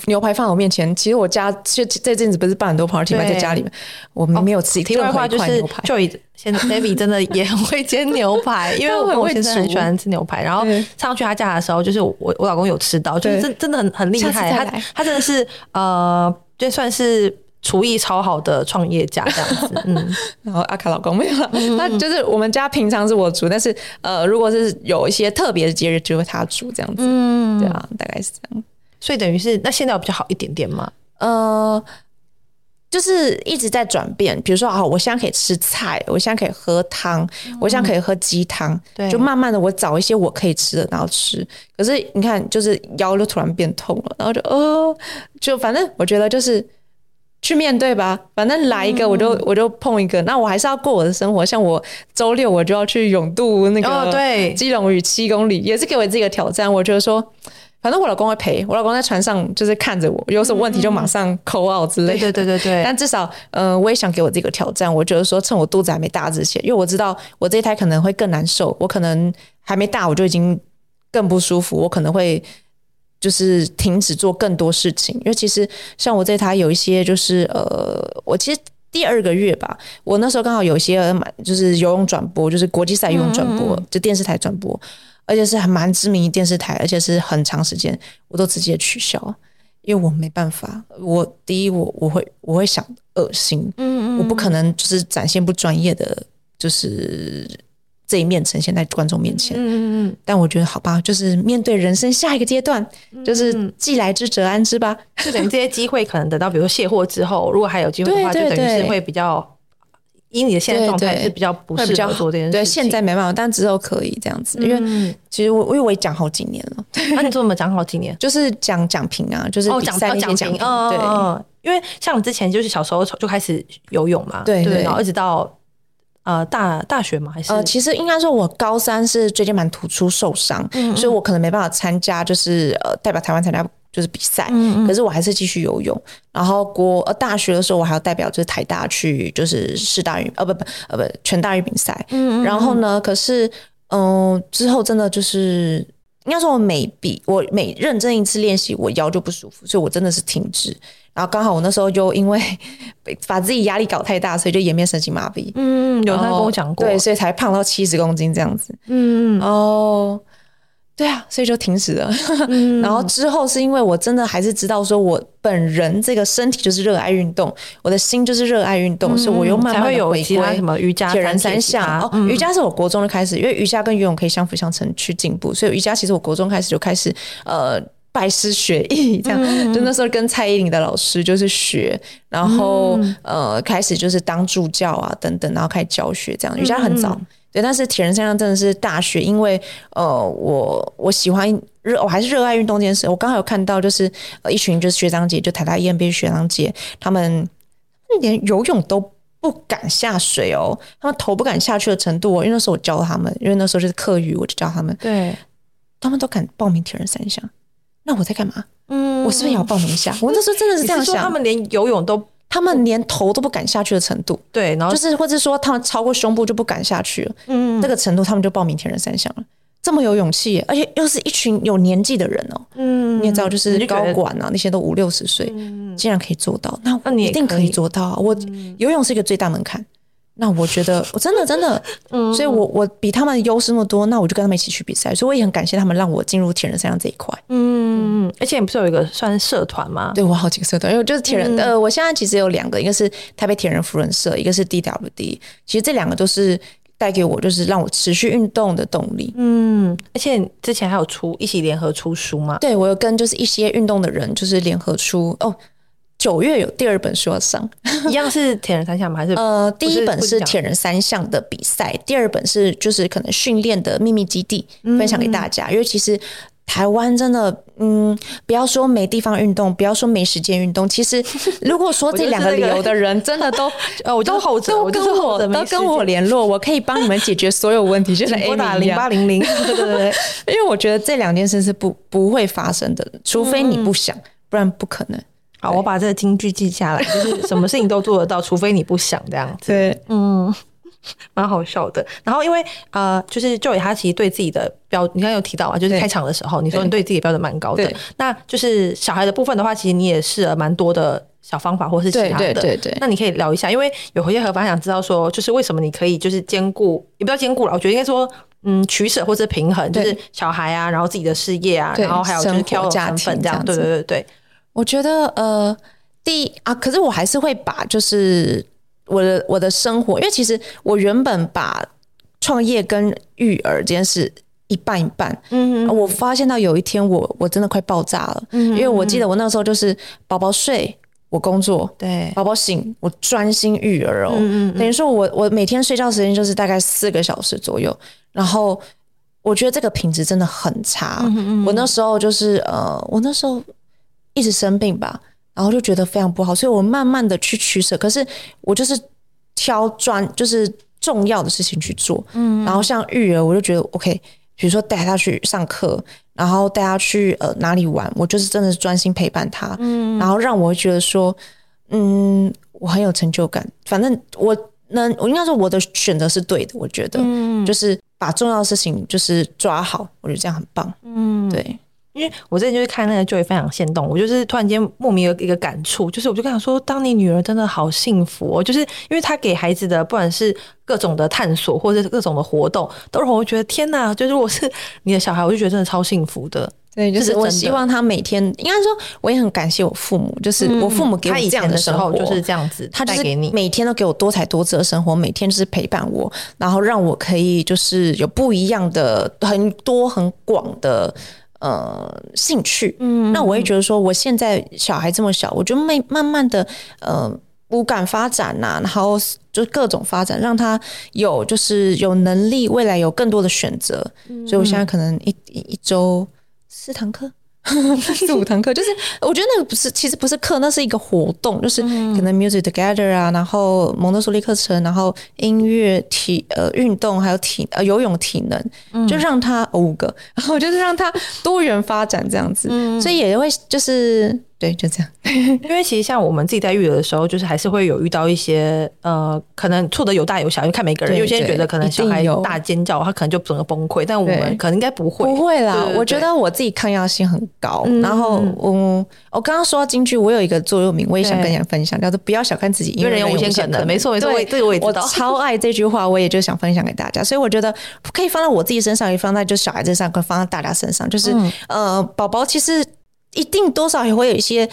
牛排放我面前。其實我家這這陣子不是辦很多 party 嗎？在家裡面，我們沒有吃。另外的話就是，Joy 先生 David 真的也很會煎牛排，因為我跟我先生很喜歡吃牛排。然後上去他家的時候，就是我我老公有吃到，就是真的很很厲害。他他真的是呃，就算是廚藝超好的創業家這樣子。嗯，然後阿卡老公沒有，那就是我們家平常是我煮，但是呃，如果是有一些特別的節日，就會他煮這樣子。嗯，對啊，大概是這樣。所以等於是，那現在我比較好一點點嘛。呃，就是一直在轉變。比如說啊，我現在可以吃菜，我現在可以喝湯，嗯、我現在可以喝雞湯。對，就慢慢的我找一些我可以吃的，然後吃。可是你看，就是腰就突然變痛了，然後就呃、哦，就反正我覺得就是去面對吧。反正來一個我就、嗯、我就碰一個。那我還是要過我的生活。像我周六我就要去泳渡那個對基隆嶼七公里，哦、也是給我自己的挑戰。我覺得說。反正我老公會陪我，老公在船上就是看着我，有什麼問題就馬上 call 我之類的嗯嗯。對對對對對。但至少，呃，我也想給我這個挑戰。我覺得說，趁我肚子還沒大之前，因為我知道我這一胎可能會更難受。我可能還沒大，我就已經更不舒服。我可能會就是停止做更多事情，因為其實像我這一胎有一些，就是呃，我其實第二個月吧，我那時候剛好有一些，就是游泳轉播，就是國際賽游泳轉播，嗯嗯。就電視台轉播。而且是還蠻知名的電視台，而且是很長時間，我都直接取消，因為我沒辦法。我第一我，我我會我會想噁心，嗯嗯，我不可能就是展現不專業的就是這一面呈現在觀眾面前。嗯嗯、嗯，但我覺得好吧，就是面對人生下一個階段，嗯嗯，就是既來之則安之吧。就等於這些機會，可能等到比如卸貨之後， 如果還有機會的話，就等於是會比較。對對對。以你的現在狀態是比較不適合對對做這件事。對，現在沒辦法，但之後可以這樣子。因為、嗯嗯、其實我，因為我也講好幾年了。那、啊、你怎麼講好幾年，就是講講評啊，就是比賽一些講評。哦哦、對，因為像我之前就是小時候就開始游泳嘛，對，對，對，然後一直到呃大大學嘛，還是呃，其實應該說我高三是椎間盤突出受傷，嗯嗯所以我可能沒辦法參加，就是呃代表台灣參加。就是比賽，嗯嗯可是我還是繼續游泳。然後過呃大學的時候，我還要代表就是台大去就是市大運呃、啊、不、啊、不呃不全大運比賽。嗯嗯嗯然後呢，可是嗯、呃、之後真的就是應該說，我每比我每認真一次練習，我腰就不舒服，所以我真的是停滯。然後剛好我那時候就因為把自己壓力搞太大，所以就顏面神經麻痹。嗯，後有人跟我講過，對，所以才胖到七十公斤這樣子。嗯哦。對啊，所以就停止了。嗯。 然後之後是因為我真的還是知道，說我本人這個身體就是熱愛運動，我的心就是熱愛運動，嗯、所以我又慢慢回歸一些什麼瑜伽鐵、鐵人三項。嗯、哦，瑜伽是我國中的開始，因為瑜伽跟游泳可以相輔相成去進步，所以瑜伽其實我國中開始就開始呃拜師學藝，這樣、嗯、就那時候跟蔡依林的老師就是學，然後呃、嗯、開始就是當助教啊等等，然後開始教學這樣，瑜伽很早。嗯對，但是鐵人三項真的是大學，因為呃，我我喜歡熱，我還是熱愛運動這件事。我剛好有看到，就是一群就是學長姐就台大 EMBA 學長姐，他們連游泳都不敢下水哦，他們頭不敢下去的程度哦，因為那時候我教他們，因為那時候就是課餘我就教他們，對，他們都敢報名鐵人三項，那我在幹嘛？嗯，我是不是也要報名一下？ 我那時候真的是這樣想，他們連游泳都。他們連頭都不敢下去的程度，對，然後就是或者說他們超過胸部就不敢下去了，嗯，這個程度他們就報名鐵人三項了。這麼有勇氣，而且又是一群有年紀的人哦，喔，嗯，你也知道就是高管啊，那些都五六十歲，竟然可以做到，嗯，那那你一定可以做到。我游泳是一個最大門檻。 那我覺得我真的真的，嗯，所以我我比他們優勢那麼多，那我就跟他們一起去比賽，所以我也很感謝他們讓我進入鐵人三項這一塊。嗯，而且你不是有一個算社團嗎？對，我好幾個社團，因為就是鐵人的，嗯、呃，我現在其實有兩個，一個是台北鐵人福人社，一個是 DWD，其實這兩個都是帶給我就是讓我持續運動的動力。嗯，而且之前還有出一起聯合出書嗎？對，我有跟就是一些運動的人就是聯合出哦。九月有第二本書要上，一樣是鐵人三項嗎？還是呃，第一本是鐵人三項的比賽，第二本是就是可能訓練的秘密基地，分享給大家。因為其實台灣真的，嗯，不要說沒地方運動，不要說沒時間運動。其實如果說這兩個理由的人，真的都呃，我都吼着，都都跟我聯絡，我可以幫你們解決所有問題。就是撥打零八零零，對對對。因為我覺得這兩件事是不不會發生的，除非你不想，不然不可能。我把這個金句記下來，就是什麼事情都做得到， 除非你不想這樣子。對，嗯，蠻好笑的。然後，因為呃，就是 Joy，他其實對自己的標，你剛有提到啊，就是開場的時候，對你說你對自己的標準蠻高的。對那，就是小孩的部分的話，其實你也試了蠻多的小方法，或是其他的。對對對，對那你可以聊一下，因為有有些河粉想知道說，就是為什麼你可以就是兼顧，也不要兼顧了，我覺得應該說嗯取捨或者平衡，對就是小孩啊，然後自己的事業啊，對然後還有就是挑家庭這樣。對對對對。我覺得呃，第一啊，可是我還是會把就是我的我的生活，因為其實我原本把創業跟育兒這件事一半一半。嗯哼，我發現到有一天我我真的快爆炸了，嗯哼嗯哼，因為我記得我那時候就是寶寶睡我工作，對，寶寶醒我專心育兒哦，嗯哼嗯哼，等於說我我每天睡覺時間就是大概四個小時左右，然後我覺得這個品質真的很差。嗯哼嗯哼，我那時候就是呃，我那時候。一直生病吧，然後就覺得非常不好，所以我慢慢的去取捨。可是我就是挑專，就是重要的事情去做。嗯，然後像育兒，我就覺得 OK，比如說帶他去上課，然後帶他去呃哪裡玩，我就是真的是專心陪伴他。嗯，然後讓我會覺得說，嗯，我很有成就感。反正我能，我應該說我的選擇是對的。我覺得，嗯，就是把重要的事情就是抓好，我覺得這樣很棒。嗯，對。因為我之前就是看那個就會非常心動，我就是突然間莫名有一個感觸，就是我就跟他說：“當你女兒真的好幸福哦，就是因為她給孩子的不管是各種的探索或者是各種的活動，都讓我覺得天哪！就是我是你的小孩，我就覺得真的超幸福的。對，就是我希望他每天、嗯、應該說，我也很感謝我父母，就是我父母給我以前的時候就是這樣子給你，他就是每天都給我多彩多姿的生活，每天就是陪伴我，然後讓我可以就是有不一樣的很多很廣的。”呃，興趣，嗯，那我也覺得說，我現在小孩這麼小，我就慢慢慢的，呃，五感發展吶、啊，然後就各種發展，讓他有就是有能力，未來有更多的選擇。所以，我現在可能一、嗯、一週四堂課。四五 堂課就是，我覺得那個不是，其實不是課，那是一個活動，就是可能 music together 啊，然後蒙特梭利課程，然後音樂體呃運動還有體呃游泳體能，嗯、就讓他五個，然 後就是讓他多元發展這樣子，嗯、所以也會就是。對，就這樣。因為其實像我們自己在育兒的時候，就是還是會有遇到一些呃，可能錯的有大有小，就看每個人。有些人覺得可能小孩有大尖叫，他可能就整個崩潰。但我們可能應該不會，不會啦。我覺得我自己抗壓性很高。然後，嗯，我剛剛說到金句，我有一個座右銘，我也想跟你分享，叫做“不要小看自己”，因為人有無限可能。沒錯，對，對我我超愛這句話，我也就想分享給大家。所以我覺得可以放在我自己身上，也放在就小孩子上，可以放在大家身上。就是呃，寶寶其實。一定多少也會有一些，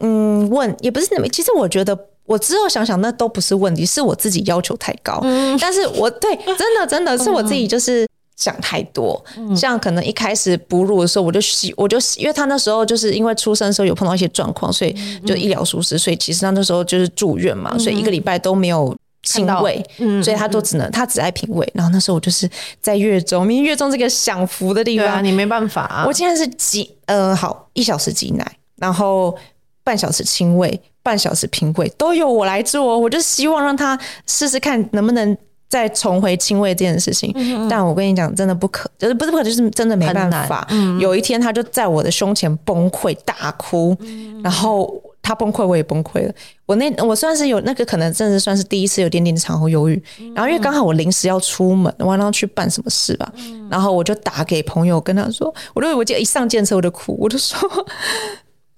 嗯，問也不是那麼。其實我覺得，我之後想想，那都不是問題，是我自己要求太高。嗯，但是我對，真的真的是我自己就是想太多。嗯、像可能一開始哺乳的時候，我就喜，我就喜因為他那時候就是因為出生的時候有碰到一些狀況，所以就醫療疏失，嗯、所以其實他那時候就是住院嘛，所以一個禮拜都沒有。親餵，嗯、所以他都只能他只愛瓶餵。嗯、然後那時候我就是在月中，因為月中這個享福的地方，啊、你沒辦法、啊。我現在是擠，呃，好一小時擠奶，然後半小時親餵，半小時瓶餵，都由我來做。我就希望讓他試試看能不能再重回親餵這件事情。嗯嗯，但我跟你講，真的不可，就是不是不可，就是真的沒辦法。嗯、有一天他就在我的胸前崩潰大哭，然後。他崩潰，我也崩潰了。我那我算是有那個，可能真的算是第一次有點點產後憂鬱。然後因為剛好我臨時要出門，我要去辦什麼事吧。然後我就打給朋友，跟他說，我都我就一上健身我就哭，我就說，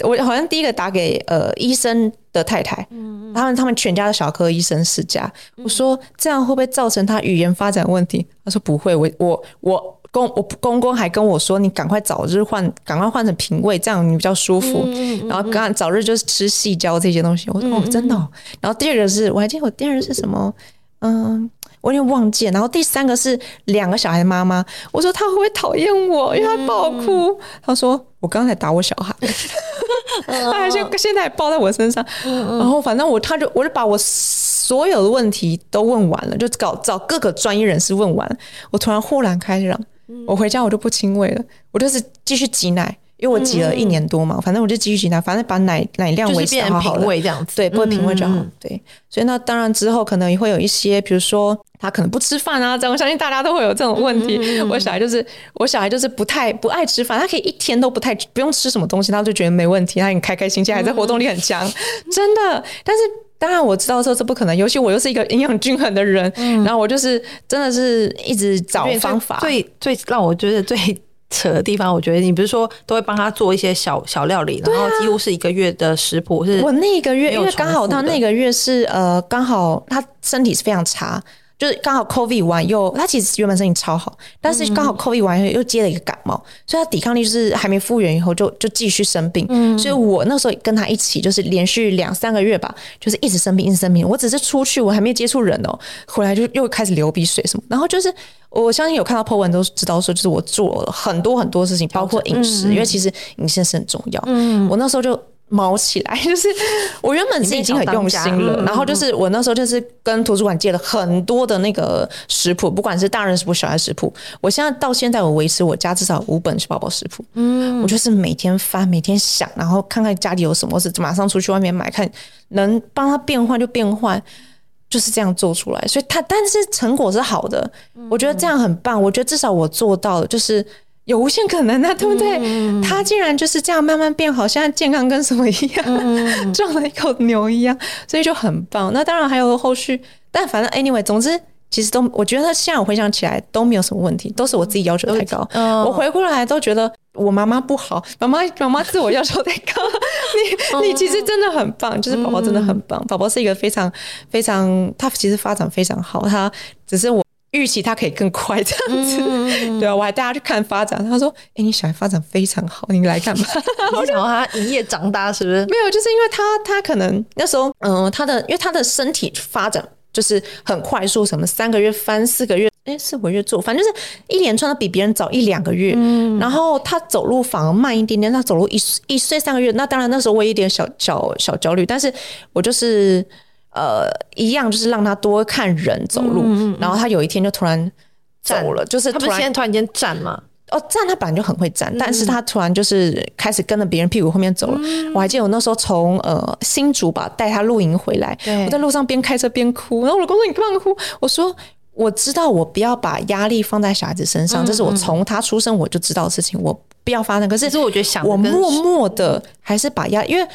我好像第一個打給呃醫生的太太，嗯他們他們全家的小科醫生世家，我說這樣會不會造成他語言發展問題？他說不會，我我我。公我公公還跟我說：“你趕快早日換，趕快換成瓶餵，這樣你比較舒服。嗯”嗯、然後趕早日就是吃矽膠這些東西。我說：“哦、真的、哦。”然後第二個是我還記得，我第二個是什麼？嗯，我有點忘記了。然後第三個是兩個小孩媽媽，我說她會不會討厭我，因為她不好哭。嗯、她說：“我剛才打我小孩。嗯呵呵”她還現現在還抱在我身上。嗯、然後反正我，她就我就把我所有的問題都問完了，就找找各個專業人士問完。我突然豁然開朗。我回家我就不親餵了，我就是繼續擠奶，因為我擠了一年多嘛，嗯嗯反正我就繼續擠奶，反正把奶奶量維持好了，這樣子對，不會瓶餵就好，嗯嗯對。所以那當然之後可能也會有一些，比如說他可能不吃飯啊，這樣我相信大家都會有這種問題。嗯嗯嗯我小孩就是我小孩就是不太不愛吃飯，他可以一天都不太不用吃什麼東西，他就覺得沒問題，他很開開心心，還在活動力很強，嗯嗯真的。但是。當然我知道這是不可能，尤其我又是一個營養均衡的人，嗯、然後我就是真的是一直找方法。最最，最讓我覺得最扯的地方，我覺得你不是說都會幫他做一些小小料理，啊、然後幾乎是一個月的食譜，是沒有重複的。我那一個月，因為剛好到那個月是呃，剛好他身體是非常差。就是剛好 COVID 完又他其實原本身體超好，但是剛好 COVID 完又又接了一個感冒，嗯、所以他抵抗力就是還沒復原以後就就繼續生病。嗯、所以我那時候跟他一起就是連續兩三個月吧，就是一直生病一直生病。我只是出去我還沒接觸人哦、喔，回來就又開始流鼻水什麼。然後就是我相信有看到 Po 文都知道說，就是我做了很多很多事情，整包括飲食，嗯、因為其實飲食是很重要。嗯，我那時候就。卯起來，就是我原本是已經很用心了，然後就是我那時候就是跟圖書館借了很多的那個食譜，不管是大人食譜、小孩食譜。我現在到現在，我維持我家至少五本是寶寶食譜，嗯，我就是每天翻，每天想，然後看看家裡有什麼事，馬上出去外面買看，看能幫他變換就變換，就是這樣做出來。所以他，他但是成果是好的，我覺得這樣很棒。我覺得至少我做到了，就是。有無限可能呢？啊，對不對？嗯，他竟然就是這樣慢慢變好，現在健康跟什麼一樣，嗯，撞了一口牛一樣，所以就很棒。那當然還有後續，但反正 anyway，總之其實都，我覺得他現在回想起來都沒有什麼問題，都是我自己要求太高。嗯，我回過來都覺得我媽媽不好，媽媽媽媽自我要求太高。嗯，你你其實真的很棒，就是寶寶真的很棒，寶寶，嗯，是一個非常非常，他其實發展非常好，他只是我。預期他可以更快這樣子，嗯嗯嗯、 對啊，我還帶他去看發展。他說：“誒、欸、你小孩發展非常好，你來幹嘛。” 我想他一夜長大，是不是？ 沒有，就是因為他他可能那時候，嗯、呃，他的因為他的身體發展就是很快速，什麼三個月翻四個月，哎、欸，四五個月做，反正就是一連串的比別人早一兩個月。嗯、然後他走路反而慢一點點，他走路一一歲三個月，那當然那時候我有一點小小小焦慮，但是我就是。呃，一樣就是讓他多看人走路，嗯嗯嗯，然後他有一天就突然站了，讚就是他突然他突然間站嘛。哦，站他本來就很會站，嗯、但是他突然就是開始跟着別人屁股後面走了。嗯、我還記得我那時候從呃新竹吧帶他露營回來，對我在路上邊開車邊哭，然後我老公說，你幹嘛哭？我說我知道，我不要把壓力放在小孩子身上，嗯嗯，這是我從他出生我就知道的事情，我。不要發生，可是其實我覺得，想，我們默默的還是把壓，因為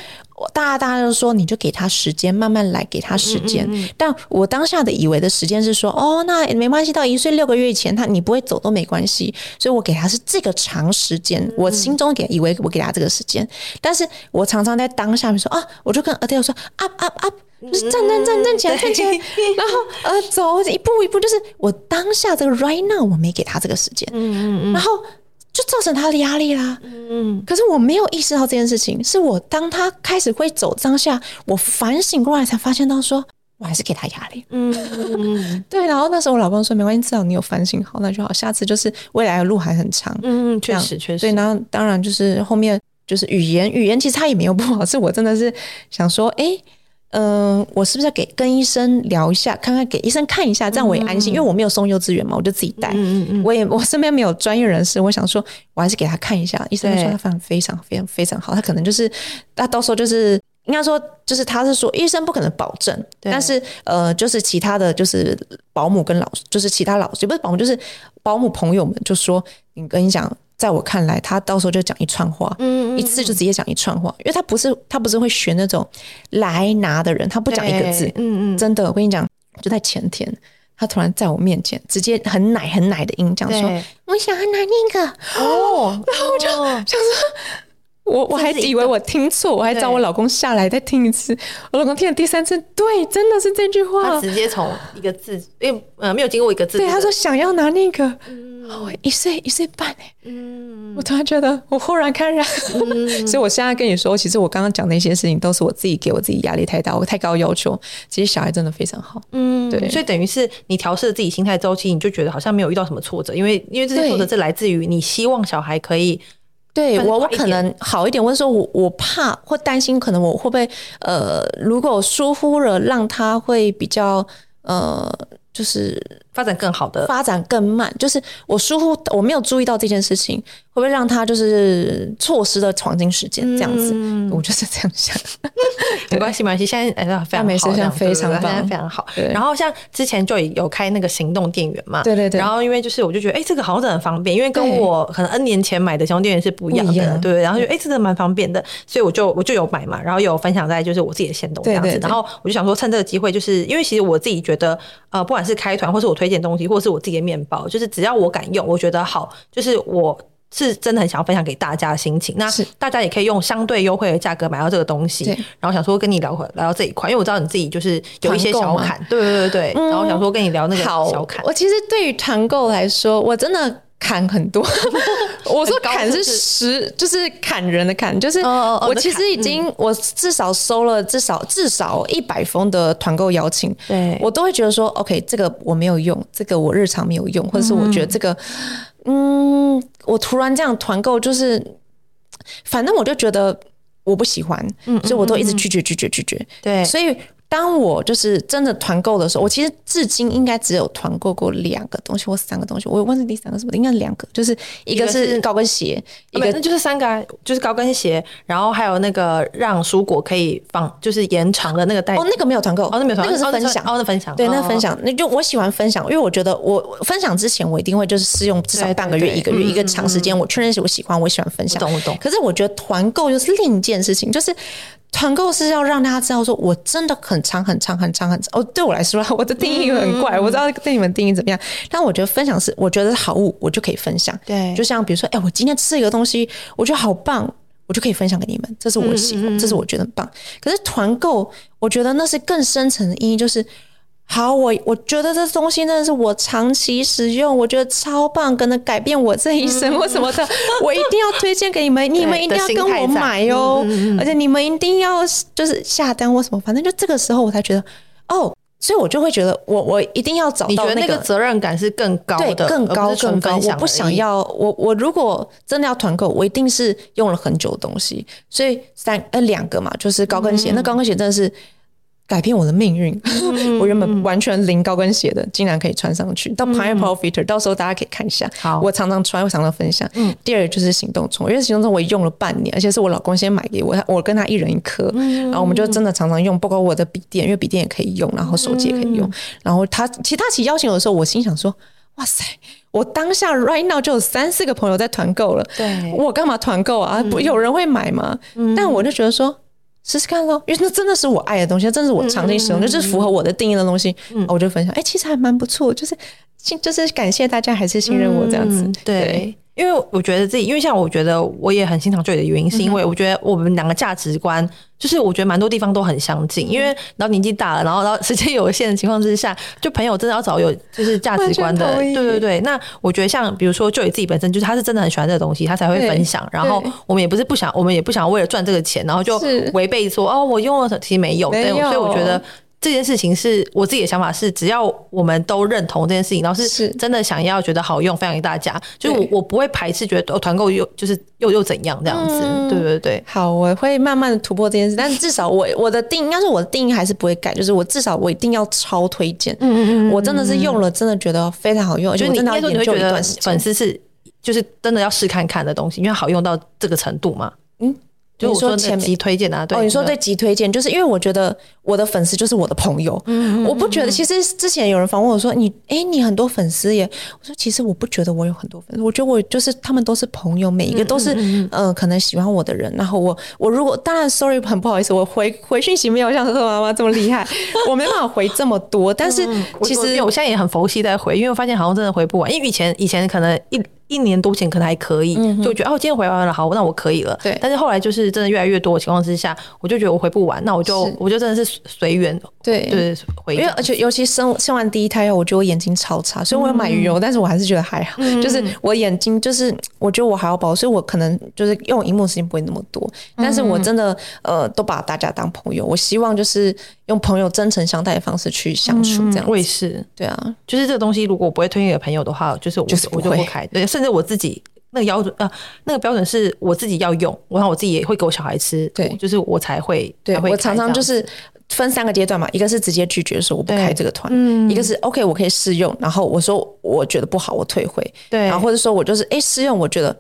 大家大家都說，你就給他時間，慢慢來，給他時間。嗯嗯嗯、但我當下的以為的時間是說，哦，那也沒關係，到一歲六個月以前他，他你不會走都沒關係。所以我給他是這個長時間，嗯、我心中給以為我給他這個時間。但是我常常在當下面說啊，我就跟阿爹說，up up up，就是、嗯、站站站站起來，站起來，對然後呃，走一步一步，就是我當下這個 right now 我沒給他這個時間，嗯嗯、然後。就造成他的壓力啦，嗯，可是我沒有意識到這件事情，是我當他開始會走當下，我反省過來才發現到說，我還是給他壓力，嗯， 對。然後那時候我老公說，沒關係，至少你有反省，好，那就好，下次就是未來的路還很長，嗯，確實，確實。所以那當然就是後面就是語言，語言其實他也沒有不好，是我真的是想說，哎、欸。嗯、呃，我是不是要給跟醫生聊一下，看看給醫生看一下，這樣我也安心，嗯、因為我沒有送幼稚園嘛，我就自己帶、嗯。嗯嗯，我也我身邊沒有專業人士，我想說，我還是給他看一下。對醫生說他非常非常非常非常好，他可能就是，那到時候就是應該說就是他是說醫生不可能保證，對但是呃，就是其他的就是保姆跟老師就是其他老師不是保姆就是保姆朋友們就說，你跟你講。在我看來，他到時候就講一串話，嗯嗯、一次就直接講一串話，嗯、因為他不是他不是會學那種來拿的人，他不講一個字。嗯嗯，真的，我跟你講，就在前天，他突然在我面前直接很奶很奶的音講說：“對我想要拿那個。”哦，然後我就、哦、想說。我我還以為我聽錯，我還找我老公下來再聽一次。對我老公聽了第三次，對，真的是這句話。他直接從一個字，因為呃沒有經過一個字、字，對他說想要拿那個，一歲一歲半哎，嗯，哦、嗯，我突然覺得我豁然開朗。嗯、 所以我現在跟你說，其實我剛剛講那些事情都是我自己給我自己壓力太大，我太高要求。其實小孩真的非常好，嗯，對。所以等於是你調適了自己心態周期，你就覺得好像沒有遇到什麼挫折，因為因為這些挫折是來自於你希望小孩可以。對我，可我可能好一點，或者說我，我我怕或擔心，可能我會不會，呃，如果疏忽了，讓他會比較，呃，就是。發展更好的發展更慢，就是我疏忽我沒有注意到這件事情，會不會讓他就是錯失了黃金時間？這樣子、嗯，我就是這樣想。 對沒關係，沒關係。現在哎，非常，沒事，現在非常好，非常非常好。對然後像之前就有開那個行動電源嘛，對對對。然後因為就是我就覺得，哎、欸，這個好像很方便，因為跟我可能 N 年前買的行動電源是不一樣的，對。對然後就哎、欸，這個蠻方便的，所以我就我就有買嘛。然後有分享在就是我自己的限動這樣子。對對對然後我就想說，趁這個機會，就是因為其實我自己覺得，呃，不管是開團或是我推。推薦東西，或者是我自己的麵包，就是只要我敢用，我覺得好，就是我是真的很想要分享給大家的心情。那大家也可以用相對優惠的價格買到這個東西。對然後想說跟你聊會，聊到這一塊，因為我知道你自己就是有一些小坎，對對對對。嗯、然後想說跟你聊那個小坎。我其實對於團購來說，我真的。砍很多， 我說砍是十，就是砍人的砍，就是我其實已經我至少收了至少至少一百封的團購邀請，對我都會覺得說 OK，這個我沒有用，這個我日常沒有用，或者是我覺得這個，嗯，我突然這樣團購就是，反正我就覺得我不喜歡，所以我都一直拒絕拒絕拒絕，對，所以。當我就是真的團購的時候，我其實至今應該只有團購過兩個東西或三個東西。我有忘記第三個是什麼了，應該是兩個，就是一個是高跟鞋，一個，那就是三個，就是高跟鞋，然後還有那個讓蔬果可以放，就是延長的那個袋。哦，那個沒有團購，哦、那沒有團，那個是分享，哦，哦，那分享，對，那分享，那、哦、就我喜歡分享，因為我覺得我分享之前我一定會就是試用至少半個月、對對對一個月、嗯、一個長時間，我確認是我喜歡，我喜歡分享，懂我懂。我懂，可是我覺得團購又是另一件事情，就是。團購是要讓大家知道，說我真的很長很長很長很長。哦，對我來說，我的定義很怪，嗯、我不知道對你們定義怎麼樣。但我覺得分享是，我覺得好物我就可以分享。對，就像比如說，哎、欸，我今天吃一個東西，我覺得好棒，我就可以分享給你們。這是我喜歡，嗯嗯，這是我覺得很棒。可是團購，我覺得那是更深層的意義，就是。好，我我覺得這東西真的是我長期使用，我覺得超棒，可能改變我這一生或什麼的，嗯、 我一定要推薦給你們，對你們一定要跟我買喲、哦。嗯、而且你們一定要就是下單或什麼，反正就這個時候我才覺得哦，所以我就會覺得我我一定要找到、那個、你覺得那個責任感是更高的、更高、更高。我不想要，我我如果真的要團購，我一定是用了很久的東西。所以三呃兩個嘛，就是高跟鞋，嗯、那高跟鞋真的是。改變我的命運，我原本完全零高跟鞋的，竟然可以穿上去。到 Pineapple Fitter 到時候大家可以看一下。好，我常常穿，我常常分享。第二就是行動充，因為行動充我用了半年，而且是我老公先買給我，我跟他一人一顆，然後我們就真的常常用。包括我的筆電，因為筆電也可以用，然後手機也可以用。然後他其他起邀請我的時候，我心想說：哇塞，我當下 right now 就有三四個朋友在團購了。對，我幹嘛團購啊？不有人會買嗎？但我就覺得說。試試看咯因為那真的是我愛的東西，那真的是我長期使用，嗯嗯嗯嗯嗯，就是符合我的定義的東西，嗯、我就分享。哎、欸，其實還蠻不錯，就是就是感謝大家還是信任我這樣子，嗯、對。對因為我覺得自己，因為像我覺得我也很欣賞 Joy 的原因，是因為我覺得我們兩個價值觀，就是我覺得蠻多地方都很相近。因為然後年紀大了，然後然後時間有限的情況之下，就朋友真的要找有就是價值觀的，對對對，對。那我覺得像比如說 Joy 自己本身，就是他是真的很喜歡這個東西，他才會分享。然後我們也不是不想，我們也不想為了賺這個錢，然後就違背說哦，我用了其實沒有，對，所以我覺得。這件事情是我自己的想法是，是只要我們都認同這件事情，然後是真的想要覺得好用，分享給大家。是就是我我不會排斥，覺得、哦、團購又就是又又怎樣這樣子，嗯、對對對。好，我會慢慢的突破這件事情，但至少我我的定，應該是我的定義還是不會改，就是我至少我一定要超推薦。嗯、嗯嗯嗯，我真的是用了，真的覺得非常好用，嗯、就是你應該說你會覺得粉絲是就是真的要試看看的東西，因為好用到這個程度嘛。嗯。我說前幾推薦啊？對、哦、你說這集推薦，就是因為我覺得我的粉絲就是我的朋友。嗯,嗯,嗯,嗯，我不覺得。其實之前有人訪問我說：“你哎、欸，你很多粉絲耶。”我說：“其實我不覺得我有很多粉絲，我覺得我就是他們都是朋友，每一個都是嗯,嗯,嗯、呃，可能喜歡我的人。然後我我如果當然，sorry，很不好意思，我回回訊息沒有像河馬媽媽這麼厲害， 我沒辦法回這麼多。但是其實我,我,我現在也很佛系在回，因為我發現好像真的回不完，因為以前以前可能一。一年多前可能還可以，就覺得哦，今天回完了，好，那我可以了。對，但是後來就是真的越來越多的情況之下，我就覺得我回不完，那我就我就真的是隨緣。對對，因為而且尤其生生完第一胎後，我覺得我眼睛超差，所以我要買魚油，但是我還是覺得還好，就是我眼睛就是我覺得我還要保，所以我可能就是用熒幕時間不會那麼多，但是我真的呃，都把大家當朋友，我希望就是用朋友真誠相待的方式去相處，這樣我也是。對啊，就是這個東西，如果不會推薦給朋友的話，就是我我就會開，對，甚那我自己那個標準呃、那個標準是我自己要用，然後我自己也會給我小孩吃，對，就是我才會對才會。我常常就是分三個階段嘛，一個是直接拒絕說我不開這個團，對嗯，一個是 OK 我可以試用，然後我說我覺得不好我退回，對，然後或者說我就是哎，試、欸、用我覺得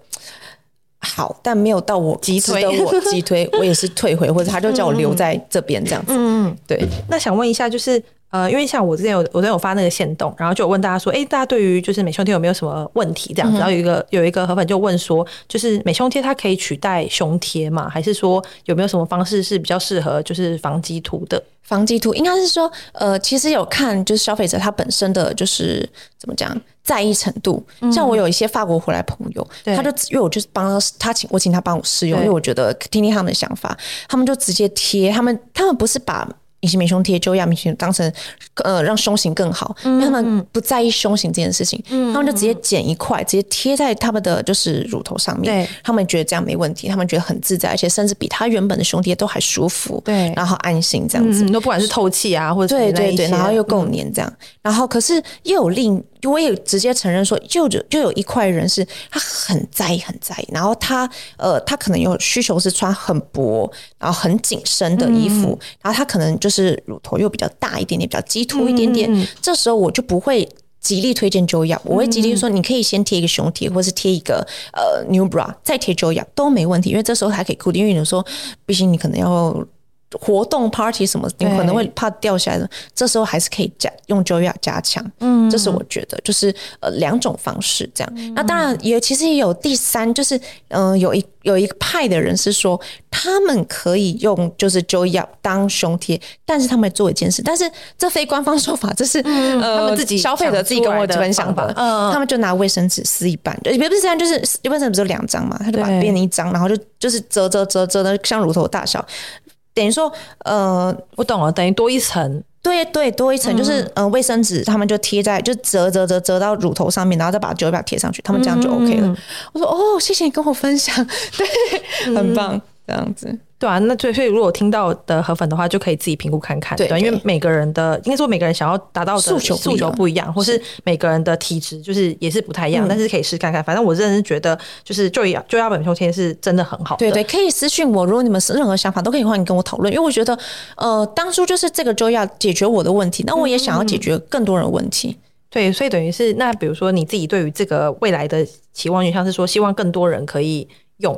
好，但沒有到我急推的我急推， 我也是退回，或者他就叫我留在這邊這樣子，嗯，嗯嗯對。那想問一下就是。呃，因為像我之前有，我之前有發那個限動，然後就有問大家說，哎、欸，大家對於就是美胸貼有沒有什麼問題？這樣子，嗯、哼然後有一個有一個河粉就問說，就是美胸貼它可以取代胸貼嗎？還是說有沒有什麼方式是比較適合就是防激凸的？防激凸應該是說，呃，其實有看就是消費者他本身的就是怎麼講在意程度。像我有一些法國回來朋友，嗯、他就對因為我就是幫他，他請我請他幫我試用，對因為我覺得聽聽他們的想法，他們就直接貼，他們他們不是把。隱形美胸貼就亞明胸當成，呃，讓胸型更好。因為他們不在意胸型這件事情，嗯、他們就直接剪一塊，直接貼在他們的就是乳頭上面。對他們覺得這樣沒問題，他們覺得很自在，而且甚至比他原本的胸貼都還舒服。對，然後安心這樣子，嗯、都不管是透氣啊，或者對對對，然後又夠黏這樣，嗯、然後可是又有另。我也直接承認說，就有就有一塊人是他很在意，很在意。然後他呃，他可能有需求是穿很薄，然後很緊身的衣服。嗯、然後他可能就是乳頭又比較大一點點，比較激凸一點點。嗯、這時候我就不會極力推薦 JoyUp 我會極力說你可以先貼一個胸貼，或是貼一個呃 New Bra，再貼 JoyUp 都沒問題，因為這時候還可以固定。因為你說，畢竟你可能要。活動、party 什麼的，你可能會怕掉下來的。對這時候還是可以加用 JoyUp 加強，嗯，嗯，這是我覺得，就是呃兩種方式這樣。嗯嗯那當然也其實也有第三，就是嗯、呃，有一有一派的人是說，他們可以用就是 JoyUp 當胸貼，但是他們做一件事，但是這非官方說法，這是他們自己、嗯呃、消費者自己我人的這想的法，法呃、他們就拿衛生紙撕一半，也不是這樣，就是衛生紙不是兩張嘛，他就把它變成一張，對然後就就是折折折折的，像乳頭大小。等於說，呃，我懂了，等於多一層，對，對對，多一層，嗯、就是呃，衛生紙他們就貼在，就折折折折到乳頭上面，然後再把酒把貼上去，他們這樣就 OK 了。嗯嗯，我說哦，謝謝你跟我分享，對，嗯、很棒。這樣子，對啊，那所以所以如果聽到的河粉的話，就可以自己評估看看，對，對，因為每個人的應該說每個人想要達到的訴求訴求不一樣，一樣是或是每個人的體質就是也是不太一樣，嗯、但是可以試看看。反正我真是覺得就是 Joy Joy 本身是真的很好的，對對，可以私訊我，如果你們是任何想法都可以歡迎跟我討論，因為我覺得呃當初就是這個 Joy、ah、解決我的問題，那我也想要解決更多人的問題，嗯嗯，對，所以等於是那比如說你自己對於這個未來的期望，就像是說希望更多人可以用。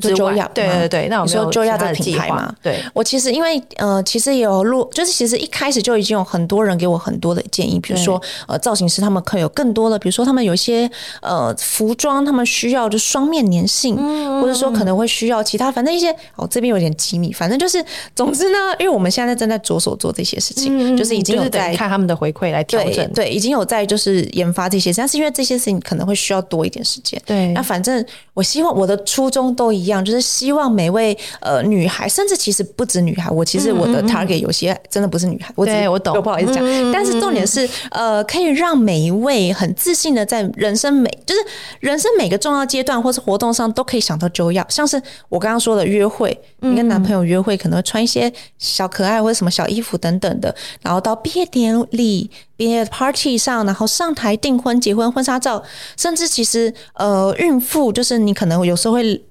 就是，對對對，那我們說 JoyUp 的品牌嘛。對，我其實因為呃，其實有錄，就是其實一開始就已經有很多人給我很多的建議，比如說對 呃，造型師他們可以有更多的，比如說他們有一些呃服裝，他們需要就雙面粘性，嗯、或者說可能會需要其他，反正一些哦，這邊有點機密，反正就是總之呢，因為我們現在正在着手做這些事情，嗯、就是已經有在看他們的回饋來調整。對，對，已經有在就是研發這些，但是因為這些事情可能會需要多一點時間，對。那反正我希望我的初衷都一樣。一樣，就是希望每位呃女孩，甚至其實不止女孩，我其實我的 target 有些真的不是女孩，我我懂，不好意思講。嗯嗯嗯嗯嗯，但是重點是，呃，可以讓每一位很自信的在人生每，就是人生每個重要階段或是活動上，都可以想到 JoyUp。像是我剛剛說的約會，你跟男朋友約會，嗯嗯，可能會穿一些小可愛或者什麼小衣服等等的。然後到畢業典禮、畢業 party 上，然後上台訂婚、結婚、婚紗照，甚至其實呃孕婦，就是你可能有時候會。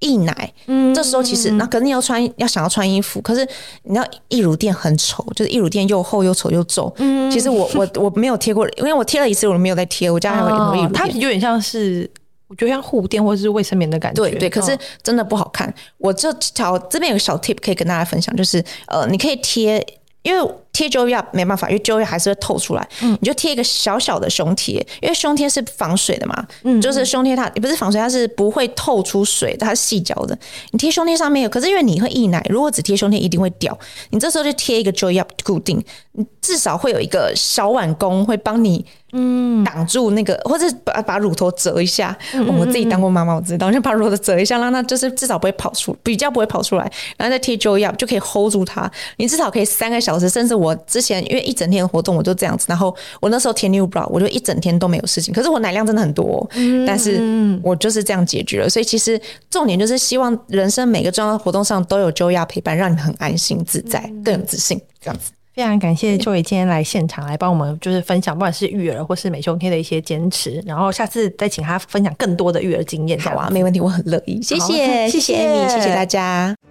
溢奶，嗯，這時候其實那肯定要穿，要想要穿衣服，可是你知道溢乳墊很醜，就是溢乳墊又厚又醜又皺。嗯，其實我我我沒有貼過，因為我貼了一次，我沒有再貼，我家還，還有溢乳墊，哦，它有點像是我覺得像護墊或者是衛生棉的感覺。對、哦、對，可是真的不好看。我這條這邊有個小 tip 可以跟大家分享，就是呃，你可以貼，因為。貼 JoyUp，沒辦法，因為 JoyUp 還是會透出來。嗯、你就貼一個小小的胸貼，因為胸貼是防水的嘛。嗯嗯，就是胸貼它也不是防水，它是不會透出水，它是細膠的。你貼胸貼上面有，可是因為你會溢奶，如果只貼胸貼一定會掉。你這時候就貼一個 JoyUp 固定，你至少會有一個小碗公會幫你，擋住那個，嗯、或者把把乳頭折一下。嗯嗯嗯，我自己當過媽媽，我知道，我就把乳頭折一下，讓它就是至少不會跑出，比較不會跑出來。然後再貼 JoyUp 就可以 hold 住它，你至少可以三個小時，甚至我。我之前因為一整天的活動，我就這樣子。然後我那時候填 New Bra，我就一整天都沒有事情。可是我奶量真的很多，但是我就是這樣解決了。嗯、所以其實重點就是希望人生每個重要的活動上都有 Joya 陪伴，讓你很安心自在，更有自信。嗯、這樣子，非常感謝 y 今天來現場來幫我們就是分享，不管是育兒或是美胸 K 的一些堅持。然後下次再請他分享更多的育兒經驗。好啊，沒問題，我很樂意。好謝謝，謝謝謝 m y 謝謝大家。